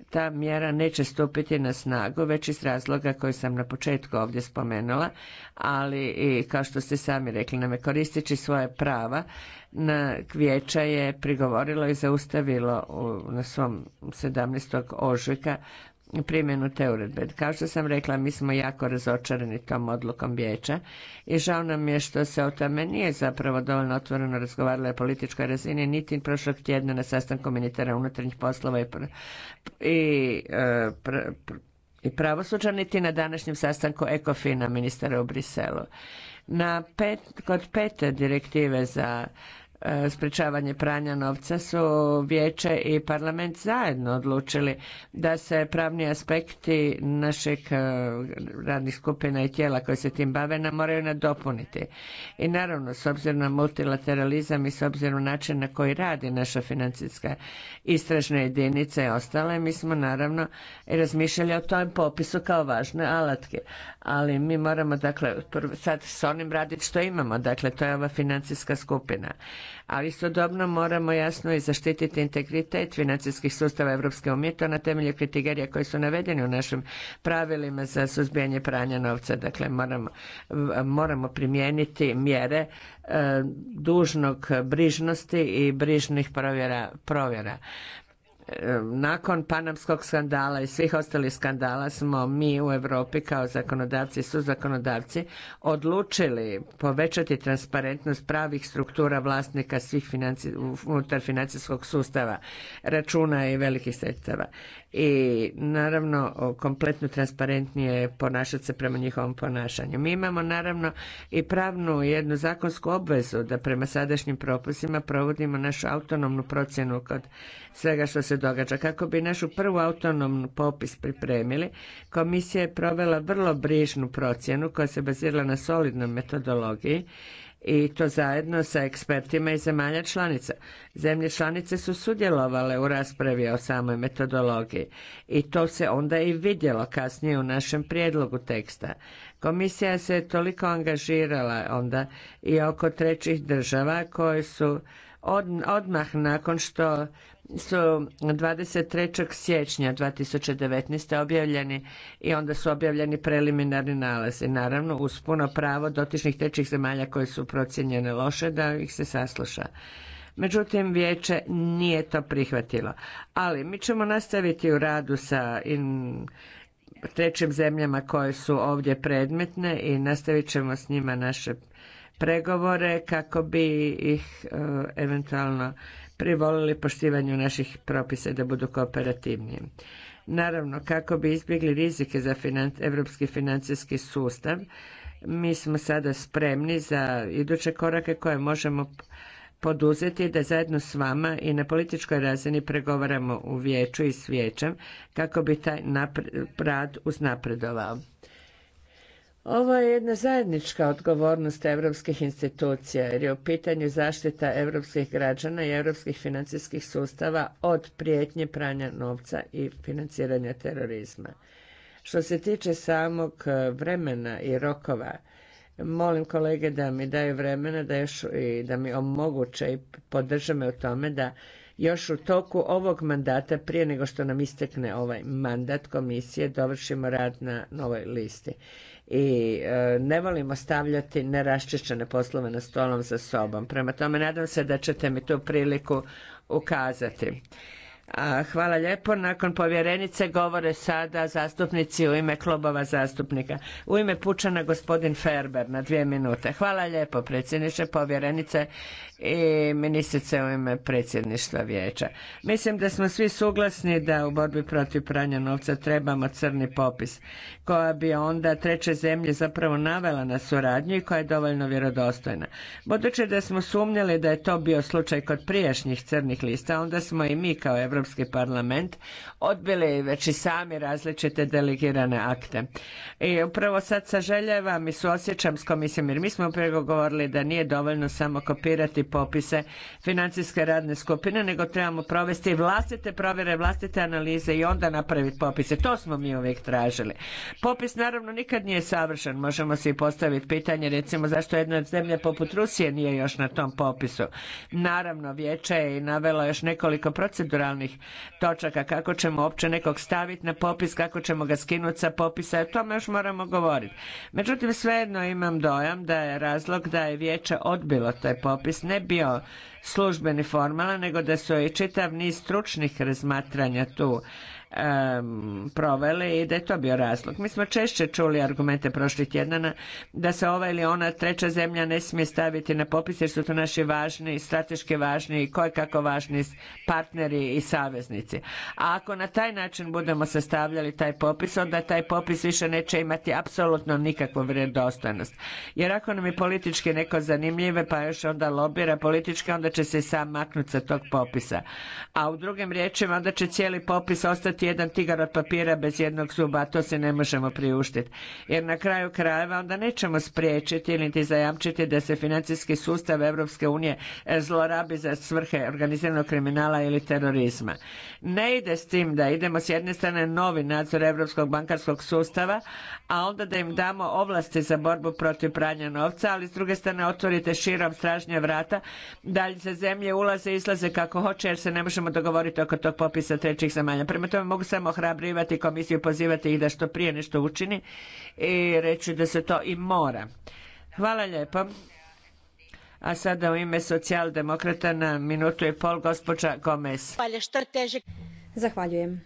Speaker 2: ta mjera neće stupiti na snagu već iz razloga koje sam na početku ovdje spomenula, ali i kao što ste sami rekli nam je koristeći svoje prava na kvijeća je prigovorilo i zaustavilo na svom 17. ožujka primjenu te uredbe. Kao što sam rekla, mi smo jako razočarani tom odlukom vijeća i žao nam je što se o tome nije zapravo dovoljno otvoreno razgovaralo o političkoj razini, niti prošlog tjedna na sastanku ministara unutarnjih poslova i, i, e, i pravosuđa, niti na današnjem sastanku ECOFINA ministara u Briselu. Na pet, kod pete direktive za E, sprečavanje pranja novca su vijeće i parlament zajedno odlučili da se pravni aspekti našeg e, radnih skupina i tijela koje se tim bave nam moraju nadopuniti. I naravno, s obzirom na multilateralizam i s obzirom na način na koji radi naša financijska istražna jedinica i ostale, mi smo naravno razmišljali o tom popisu kao važne alatke. Ali mi moramo, dakle, sad s onim raditi što imamo, dakle, to je ova financijska skupina ali istodobno moramo jasno i zaštititi integritet financijskih sustava Europske unije, to na temelju kriterija koji su navedeni u našim pravilima za suzbijanje pranja novca. Dakle, moramo, moramo primijeniti mjere e, dužnog brižnosti i brižnih provjera. provjera nakon panamskog skandala i svih ostalih skandala smo mi u Europi kao zakonodavci i suzakonodavci odlučili povećati transparentnost pravih struktura vlasnika svih unutar financijskog sustava, računa i velikih sredstava. I naravno kompletno transparentnije ponašati se prema njihovom ponašanju. Mi imamo naravno i pravnu jednu zakonsku obvezu da prema sadašnjim propisima provodimo našu autonomnu procjenu kod svega što se događa. Kako bi našu prvu autonomnu popis pripremili, komisija je provela vrlo brižnu procjenu koja se bazirala na solidnoj metodologiji i to zajedno sa ekspertima i zemalja članica. Zemlje članice su sudjelovale u raspravi o samoj metodologiji i to se onda i vidjelo kasnije u našem prijedlogu teksta. Komisija se je toliko angažirala onda i oko trećih država koje su odmah nakon što su 23. siječnja 2019. objavljeni i onda su objavljeni preliminarni nalazi. Naravno, uz puno pravo dotičnih trećih zemalja koje su procijenjene loše da ih se sasluša. Međutim, vijeće nije to prihvatilo. Ali mi ćemo nastaviti u radu sa in trećim zemljama koje su ovdje predmetne i nastavit ćemo s njima naše pregovore kako bi ih e, eventualno privolili poštivanju naših propisa da budu kooperativnije. Naravno, kako bi izbjegli rizike za finan, evropski financijski sustav, mi smo sada spremni za iduće korake koje možemo poduzeti da zajedno s vama i na političkoj razini pregovaramo u vijeću i s vijećem kako bi taj rad uznapredovao. Ovo je jedna zajednička odgovornost europskih institucija jer je u pitanju zaštita europskih građana i europskih financijskih sustava od prijetnje pranja novca i financiranja terorizma. Što se tiče samog vremena i rokova, molim kolege da mi daju vremena da još i da mi omoguće i podrže me u tome da još u toku ovog mandata, prije nego što nam istekne ovaj mandat komisije, dovršimo rad na novoj listi i e, ne volimo stavljati neraščišćene poslove na stolom za sobom. Prema tome nadam se da ćete mi tu priliku ukazati. A hvala lijepo. Nakon povjerenice govore sada zastupnici u ime klubova zastupnika. U ime Pučana gospodin Ferber na dvije minute. Hvala lijepo predsjedniče, povjerenice i ministrice u ime predsjedništva vijeća. Mislim da smo svi suglasni da u borbi protiv pranja novca trebamo crni popis koja bi onda treće zemlje zapravo navela na suradnju i koja je dovoljno vjerodostojna. Budući da smo sumnjali da je to bio slučaj kod prijašnjih crnih lista, onda smo i mi kao Evropa Europski parlament odbili već i sami različite delegirane akte. I upravo sad saželjavam i suosjećam s komisijom jer mi smo pregovorili govorili da nije dovoljno samo kopirati popise financijske radne skupine nego trebamo provesti vlastite provjere, vlastite analize i onda napraviti popise. To smo mi uvijek tražili. Popis naravno nikad nije savršen. Možemo si postaviti pitanje recimo zašto jedna zemlja poput Rusije nije još na tom popisu. Naravno, vijeće je navelo još nekoliko proceduralnih točaka, kako ćemo uopće nekog staviti na popis, kako ćemo ga skinuti sa popisa, o tome još moramo govoriti. Međutim, svejedno imam dojam da je razlog da je vijeće odbilo taj popis, ne bio službeni formalan, nego da su i čitav niz stručnih razmatranja tu um, proveli i da je to bio razlog. Mi smo češće čuli argumente prošlih tjedana da se ova ili ona treća zemlja ne smije staviti na popis jer su to naši važni, strateški važni i kako važni partneri i saveznici. A ako na taj način budemo sastavljali taj popis, onda taj popis više neće imati apsolutno nikakvu vjerodostojnost. Jer ako nam je politički neko zanimljive, pa još onda lobira politički, onda će se sam maknuti sa tog popisa. A u drugim riječima, onda će cijeli popis ostati jedan tigar od papira bez jednog zuba, a to se ne možemo priuštiti. Jer na kraju krajeva onda nećemo spriječiti ili ti zajamčiti da se financijski sustav Europske unije e, zlorabi za svrhe organiziranog kriminala ili terorizma. Ne ide s tim da idemo s jedne strane novi nadzor Europskog bankarskog sustava, a onda da im damo ovlasti za borbu protiv pranja novca, ali s druge strane otvorite širom stražnja vrata da se zemlje ulaze i izlaze kako hoće jer se ne možemo dogovoriti oko tog popisa trećih zemalja. Prema tome mogu samo ohrabrivati komisiju, pozivati ih da što prije nešto učini i reći da se to i mora. Hvala lijepo. A sada u ime socijaldemokrata na minutu i pol gospođa Gomez.
Speaker 1: Zahvaljujem.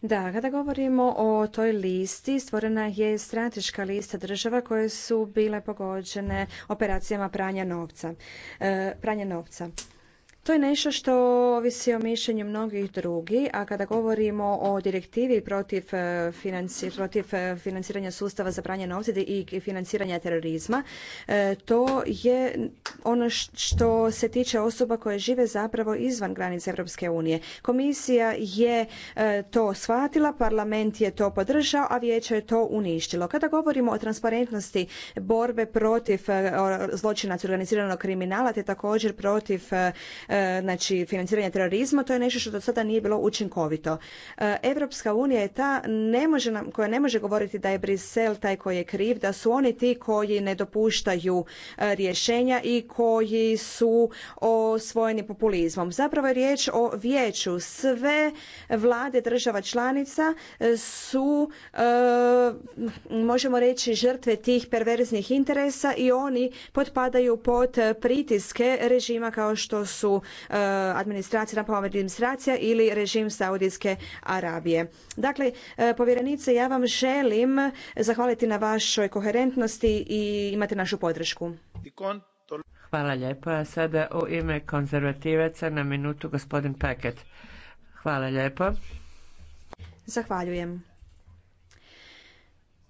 Speaker 1: Da, kada govorimo o toj listi, stvorena je strateška lista država koje su bile pogođene operacijama pranja novca. E, pranja novca. To je nešto što ovisi o mišljenju mnogih drugih, a kada govorimo o direktivi protiv, eh, protiv eh, financiranja sustava za pranje novca i financiranja terorizma, eh, to je ono što se tiče osoba koje žive zapravo izvan granice Europske unije. Komisija je to shvatila, parlament je to podržao, a vijeće je to uništilo. Kada govorimo o transparentnosti borbe protiv zločinac organiziranog kriminala te također protiv E, znači financiranja terorizma, to je nešto što do sada nije bilo učinkovito. Europska unija je ta ne može nam, koja ne može govoriti da je Brisel taj koji je kriv, da su oni ti koji ne dopuštaju e, rješenja i koji su osvojeni populizmom. Zapravo je riječ o vijeću. Sve vlade država članica su, e, možemo reći, žrtve tih perverznih interesa i oni potpadaju pod pritiske režima kao što su Eh, administracija, Trumpova administracija ili režim Saudijske Arabije. Dakle, eh, povjerenice, ja vam želim zahvaliti na vašoj koherentnosti i imate našu podršku.
Speaker 2: Hvala lijepo. sada u ime konzervativaca na minutu gospodin Paket. Hvala lijepo.
Speaker 1: Zahvaljujem.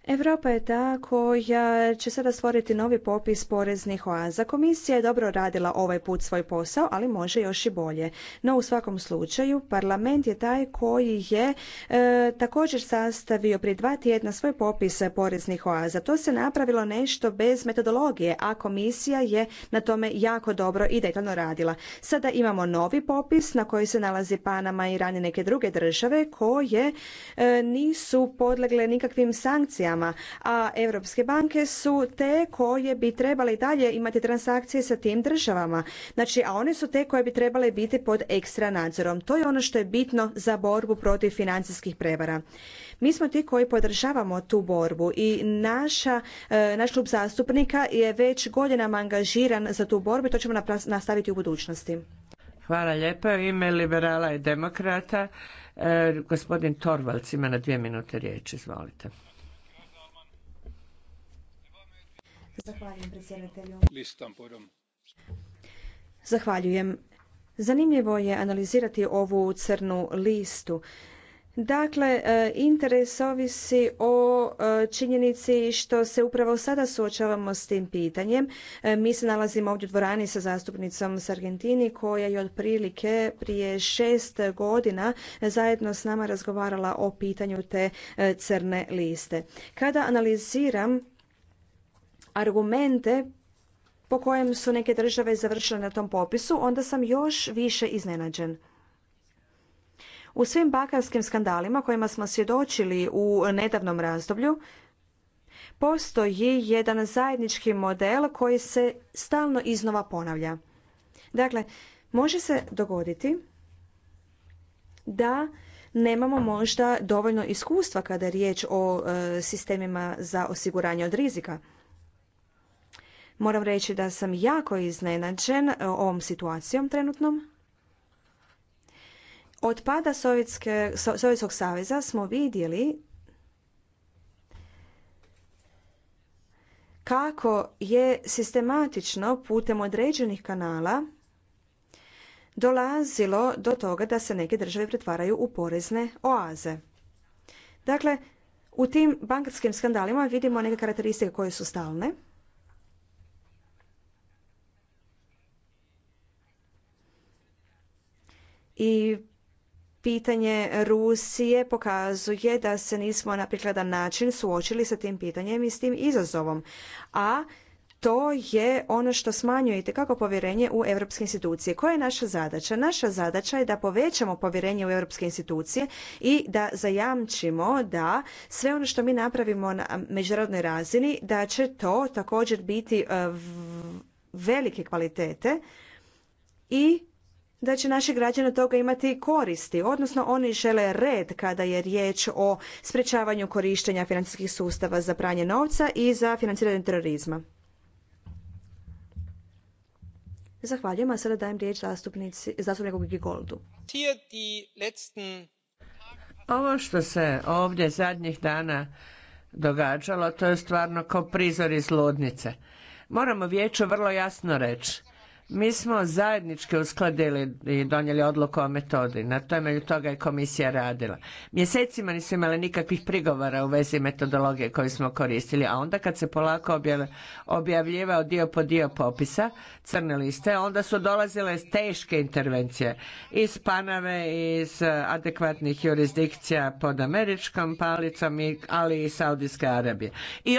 Speaker 1: Evropa je ta koja će sada stvoriti novi popis poreznih oaza. Komisija je dobro radila ovaj put svoj posao, ali može još i bolje. No u svakom slučaju parlament je taj koji je e, također sastavio prije dva tjedna svoj popis poreznih oaza. To se napravilo nešto bez metodologije, a komisija je na tome jako dobro i detaljno radila. Sada imamo novi popis na koji se nalazi Panama i ranije neke druge države koje e, nisu podlegle nikakvim sankcijama a europske banke su te koje bi trebale i dalje imati transakcije sa tim državama. Znači, a one su te koje bi trebale biti pod ekstra nadzorom. To je ono što je bitno za borbu protiv financijskih prevara. Mi smo ti koji podržavamo tu borbu i naša, e, naš klub zastupnika je već godinama angažiran za tu borbu i to ćemo nastaviti u budućnosti.
Speaker 2: Hvala lijepa. ime liberala i demokrata, e, gospodin Torvalc ima na dvije minute
Speaker 1: riječ. Izvolite. Zahvaljujem Zahvaljujem. Zanimljivo je analizirati ovu crnu listu. Dakle, e, interes ovisi o e, činjenici što se upravo sada suočavamo s tim pitanjem. E, mi se nalazimo ovdje u dvorani sa zastupnicom s Argentini koja je otprilike prije šest godina zajedno s nama razgovarala o pitanju te crne liste. Kada analiziram argumente po kojem su neke države završile na tom popisu, onda sam još više iznenađen. U svim bakarskim skandalima kojima smo svjedočili u nedavnom razdoblju, postoji jedan zajednički model koji se stalno iznova ponavlja. Dakle, može se dogoditi da nemamo možda dovoljno iskustva kada je riječ o e, sistemima za osiguranje od rizika. Moram reći da sam jako iznenađen e, ovom situacijom trenutnom. Od pada Sovjetske, Sovjetskog saveza smo vidjeli kako je sistematično putem određenih kanala dolazilo do toga da se neke države pretvaraju u porezne oaze. Dakle, u tim bankarskim skandalima vidimo neke karakteristike koje su stalne – i pitanje Rusije pokazuje da se nismo na prikladan način suočili sa tim pitanjem i s tim izazovom. A to je ono što smanjuje kako povjerenje u europske institucije. Koja je naša zadaća? Naša zadaća je da povećamo povjerenje u europske institucije i da zajamčimo da sve ono što mi napravimo na međunarodnoj razini, da će to također biti eh, velike kvalitete i da će naši građani toga imati koristi, odnosno oni žele red kada je riječ o sprečavanju korištenja financijskih sustava za pranje novca i za financiranje terorizma. Zahvaljujem, a sada dajem riječ zastupnici, zastupniku Goldu. Ovo što se ovdje
Speaker 2: zadnjih dana događalo, to je stvarno kao prizor iz ludnice. Moramo vijeću vrlo jasno reći mi smo zajednički uskladili i donijeli odluku o metodi. Na temelju toga je komisija radila. Mjesecima nisu imali nikakvih prigovora u vezi metodologije koju smo koristili, a onda kad se polako objavljivao dio po dio popisa crne liste, onda su dolazile teške intervencije iz Panave, iz adekvatnih jurisdikcija pod američkom palicom, ali i Saudijske Arabije. I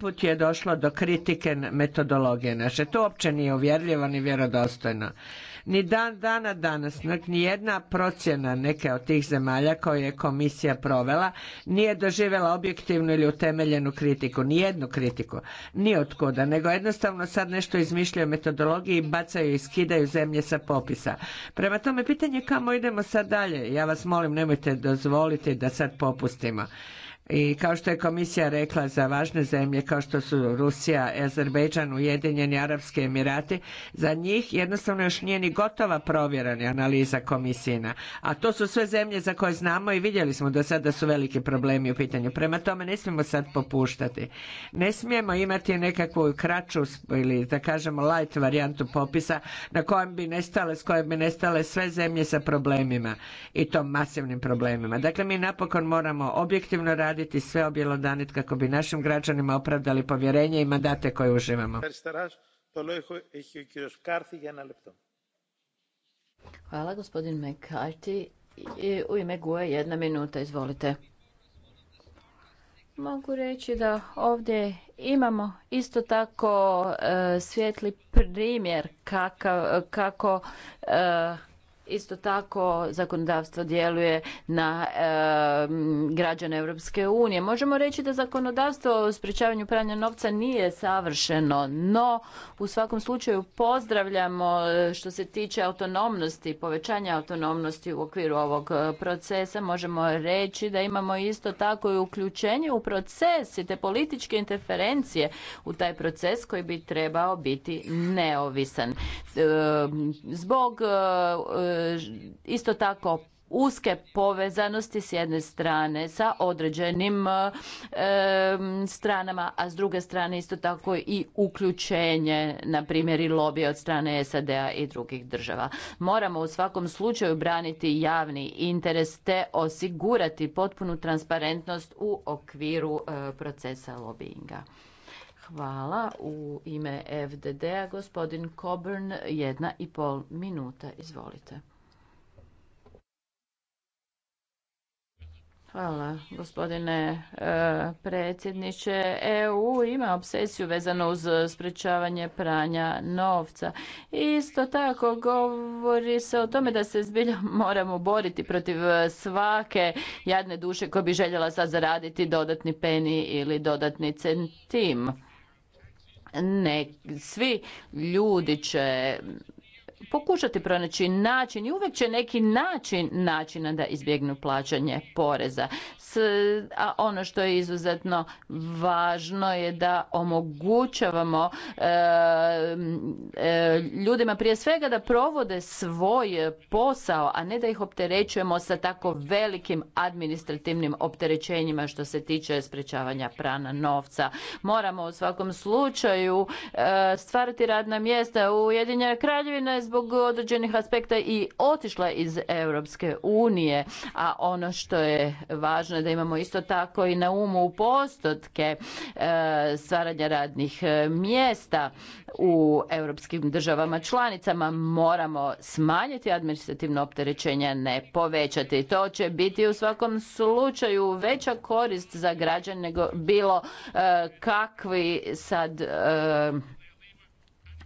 Speaker 2: put je došlo do kritike metodologije naše. To uopće nije uvjerljivo bila ni vjerodostojna. Ni dan dana danas, ni jedna procjena neke od tih zemalja koje je komisija provela nije doživjela objektivnu ili utemeljenu kritiku, ni jednu kritiku, ni od kuda, nego jednostavno sad nešto izmišljaju metodologiji i bacaju i skidaju zemlje sa popisa. Prema tome, pitanje kamo idemo sad dalje. Ja vas molim, nemojte dozvoliti da sad popustimo. I kao što je komisija rekla za važne zemlje kao što su Rusija, Azerbejdžan, Ujedinjeni Arapski Emirati, za njih jednostavno još nije ni gotova provjera ni analiza komisijina. A to su sve zemlje za koje znamo i vidjeli smo do sada da su veliki problemi u pitanju. Prema tome ne smijemo sad popuštati. Ne smijemo imati nekakvu kraću ili da kažemo light varijantu popisa na kojem bi nestale, s kojem bi nestale sve zemlje sa problemima i to masivnim problemima. Dakle, mi napokon moramo objektivno raditi sve objelodanit kako bi našim građanima opravdali povjerenje i mandate koje uživamo.
Speaker 3: Hvala gospodin McCarthy. U ime Guje jedna minuta, izvolite. Mogu reći da ovdje imamo isto tako e, svijetli primjer kako e, Isto tako zakonodavstvo djeluje na građane Europske unije. Možemo reći da zakonodavstvo o sprječavanju pranja novca nije savršeno, no u svakom slučaju pozdravljamo eh, što se tiče autonomnosti, povećanja autonomnosti u okviru ovog eh, procesa. Možemo reći da imamo isto tako i uključenje u proces i te političke interferencije u taj proces koji bi trebao biti neovisan. zbog eh, E, isto tako uske povezanosti s jedne strane sa određenim e, stranama, a s druge strane isto tako i uključenje, na primjer i lobije od strane SAD-a i drugih država. Moramo u svakom slučaju braniti javni interes te osigurati potpunu transparentnost u okviru e, procesa lobijinga. Hvala. U ime FDD-a gospodin Coburn, jedna i pol minuta. Izvolite. Hvala, gospodine e, predsjedniče. EU ima obsesiju vezano uz sprečavanje pranja novca. Isto tako govori se o tome da se zbilja moramo boriti protiv e, svake jadne duše koja bi željela sad zaraditi dodatni peni ili dodatni centim. svi ljudi će pokušati pronaći način i uvijek će neki način načina da izbjegnu plaćanje poreza. S, a ono što je izuzetno važno je da omogućavamo e, e, ljudima prije svega da provode svoj posao, a ne da ih opterećujemo sa tako velikim administrativnim opterećenjima što se tiče sprečavanja prana novca. Moramo u svakom slučaju e, stvarati radna mjesta. u kraljevina je zbog zbog određenih aspekta i otišla iz Europske unije, a ono što je važno da imamo isto tako i na umu u postotke e, stvaranja radnih e, mjesta u europskim državama članicama moramo smanjiti administrativno opterećenje, ne povećati. To će biti u svakom slučaju veća korist za građane nego bilo e, kakvi sad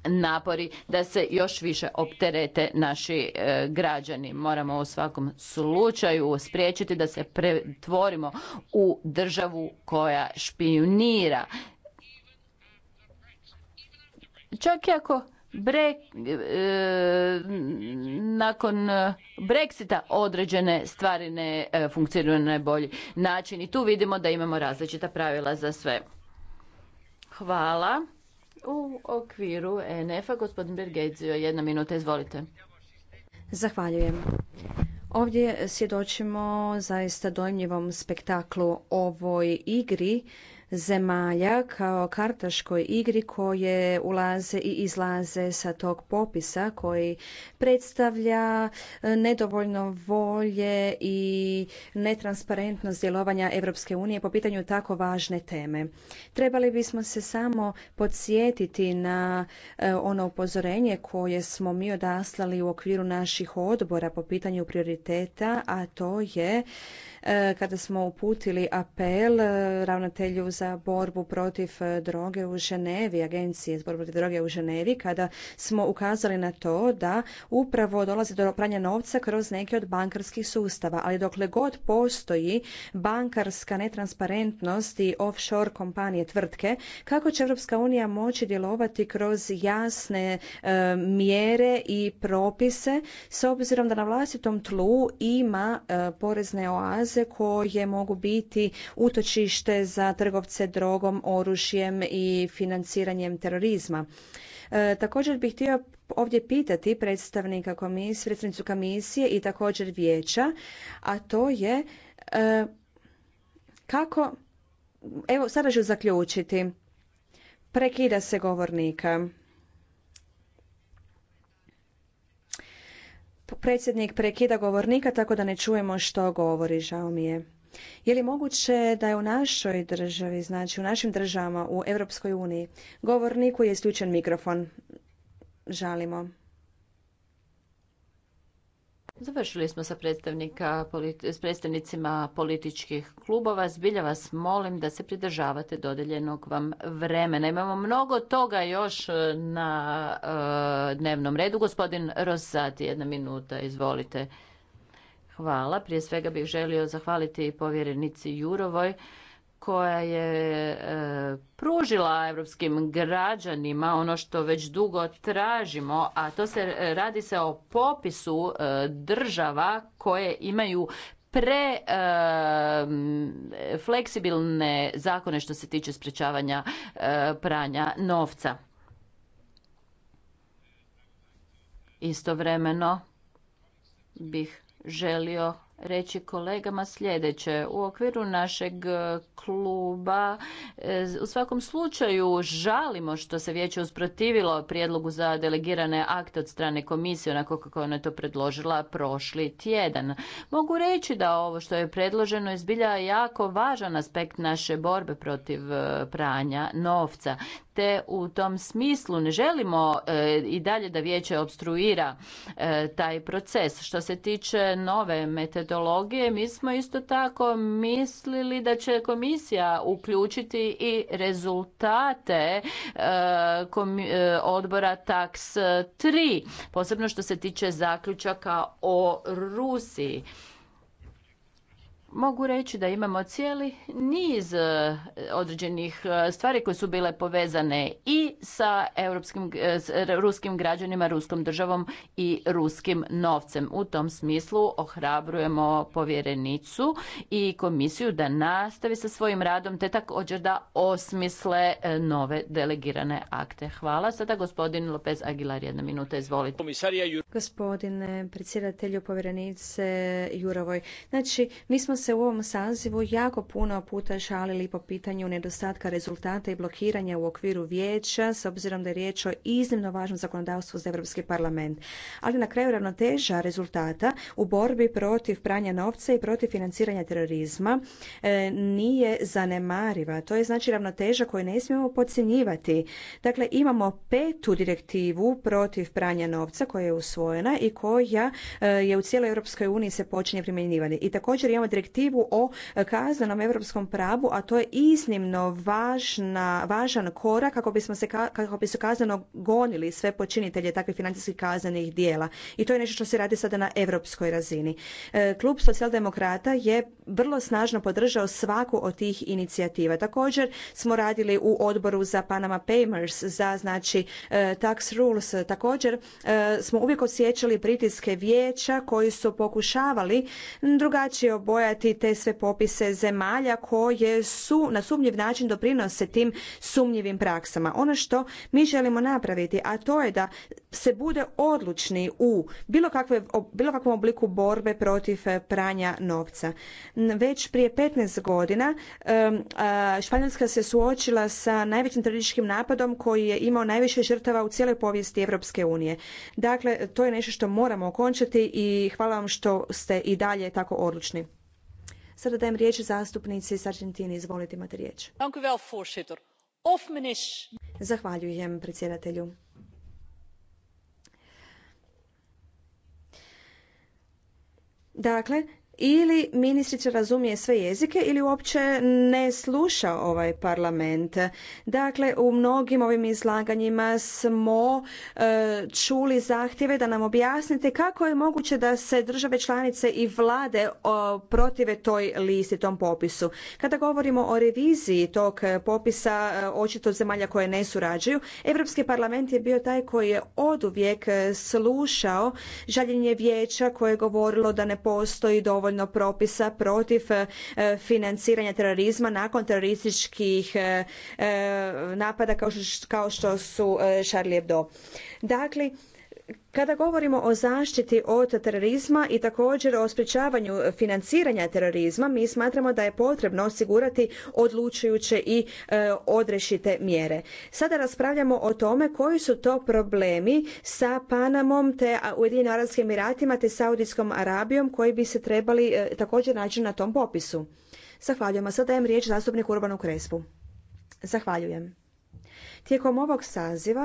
Speaker 3: napori da se još više opterete naši e, građani. Moramo u svakom slučaju spriječiti da se pretvorimo u državu koja špionira. Čak i ako e, nakon Brexita određene stvari ne e, funkcioniraju na najbolji način i tu vidimo da imamo različita pravila za sve. Hvala. U okviru nf a gospodin Bergezio, jedna minuta, izvolite.
Speaker 1: Zahvaljujem. Ovdje svjedočimo zaista dojmljivom spektaklu ovoj igri zemalja kao kartaškoj igri koje ulaze i izlaze sa tog popisa koji predstavlja e, nedovoljno volje i netransparentnost djelovanja Europske unije po pitanju tako važne teme. Trebali bismo se samo podsjetiti na e, ono upozorenje koje smo mi odaslali u okviru naših odbora po pitanju prioriteta, a to je E, kada smo uputili apel e, ravnatelju za borbu protiv e, droge u Ženevi, agencije za borbu protiv droge u Ženevi, kada smo ukazali na to da upravo dolazi do pranja novca kroz neke od bankarskih sustava. Ali dokle god postoji bankarska netransparentnost i offshore kompanije tvrtke, kako će Europska unija moći djelovati kroz jasne mjere i propise s obzirom da na vlastitom tlu ima porezne oaze baze koje mogu biti utočište za trgovce drogom, oružjem i financiranjem terorizma. E, također bih htio ovdje pitati predstavnika komisije, predstavnicu komisije i također vijeća, a to je e, kako, evo sada ću zaključiti, prekida se govornika. Predsjednik prekida govornika tako da ne čujemo što govori, žao mi je. Je li moguće da je u našoj državi, znači u našim državama u Europskoj uniji, govorniku je
Speaker 3: isključen mikrofon? Žalimo. Završili smo sa predstavnika, s predstavnicima političkih klubova. Zbilja vas molim da se pridržavate dodeljenog vam vremena. Imamo mnogo toga još e, na e, dnevnom redu. Gospodin Rosati, jedna minuta, izvolite. Hvala. Prije svega bih želio zahvaliti povjerenici Jurovoj koja je e, pružila europskim građanima ono što već dugo tražimo, a to se radi se o popisu e, država koje imaju pre e, fleksibilne zakone što se tiče sprječavanja pranja novca. Istovremeno bih želio reći kolegama sljedeće. U okviru našeg e, kluba e, u svakom slučaju žalimo što se vijeće usprotivilo prijedlogu za delegirane akte od strane komisije onako kako ona to predložila prošli tjedan. Mogu reći da ovo što je predloženo je zbilja jako važan aspekt naše borbe protiv e, pranja novca te u tom smislu ne želimo e, i dalje da vijeće obstruira e, taj proces. Što se tiče nove metodologije, mi smo isto tako mislili da će komisija uključiti i rezultate e, odbora TAX 3, posebno što se tiče zaključaka o Rusiji mogu reći da imamo cijeli niz e, određenih e, stvari koje su bile povezane i sa europskim, e, ruskim građanima, ruskom državom i ruskim novcem. U tom smislu ohrabrujemo povjerenicu i komisiju da nastavi sa svojim radom te također da osmisle nove delegirane akte. Hvala. Sada gospodin Lopez Aguilar, jedna minuta, izvolite. Komisarija Gospodine predsjedatelju
Speaker 1: povjerenice Jurovoj, znači mi smo se u ovom sazivu jako puno puta šalili po pitanju nedostatka rezultata i blokiranja u okviru vijeća s obzirom da je riječ o iznimno važnom zakonodavstvu za Europski parlament. Ali na kraju ravnoteža rezultata u borbi protiv pranja novca i protiv financiranja terorizma e, nije zanemariva. To je znači ravnoteža koju ne smijemo podcjenjivati. Dakle, imamo petu direktivu protiv pranja novca koja je usvojena i koja e, je u cijeloj Europskoj uniji se počinje primjenjivati. I također imamo direktivu direktivu o e, kaznenom europskom pravu, a to je iznimno važna, važan korak kako bismo se kako bi se kazneno gonili sve počinitelje takvih financijskih kaznenih djela. I to je nešto što se radi sada na europskoj razini. E, Klub socijaldemokrata je vrlo snažno podržao svaku od tih inicijativa. Također smo radili u odboru za Panama Papers, za znači e, tax rules. Također smo uvijek osjećali pritiske vijeća koji su pokušavali drugačije obojati pogledati te sve popise zemalja koje su na sumnjiv način doprinose tim sumnjivim praksama. Ono što mi želimo napraviti, a to je da se bude odlučni u bilo, kakve, bilo kakvom obliku borbe protiv eh, pranja novca. Već prije 15 godina Španjolska se suočila sa najvećim terorističkim napadom koji je imao najviše žrtava u cijeloj povijesti Europske unije. Dakle, to je nešto što moramo okončati i hvala vam što ste i dalje tako odlučni. Sada dajem riječ zastupnici iz Argentine. Izvolite, imate riječ. Zahvaljujem predsjedatelju. Dakle, ili ministrica razumije sve jezike ili uopće ne sluša ovaj parlament. Dakle, u mnogim ovim izlaganjima smo e, čuli zahtjeve da nam objasnite kako je moguće da se države članice i vlade protive toj listi, tom popisu. Kada govorimo o reviziji tog e, popisa e, očito zemalja koje ne surađuju, Europski parlament je bio taj koji je oduvijek slušao žaljenje vijeća koje je govorilo da ne postoji dovoljno dovoljno propisa protiv e, financiranja terorizma nakon terorističkih e, e, napada kao što su Charlie Hebdo. Dakle, kada govorimo o zaštiti od terorizma i također o sprječavanju financiranja terorizma, mi smatramo da je potrebno osigurati odlučujuće i e, odrešite mjere. Sada raspravljamo o tome koji su to problemi sa Panamom te Ujedinjenim Arabskim Emiratima te Saudijskom Arabijom koji bi se trebali e, također naći na tom popisu. Zahvaljujem. A sada dajem riječ zastupniku Urbanu Krespu. Zahvaljujem. Tijekom ovog saziva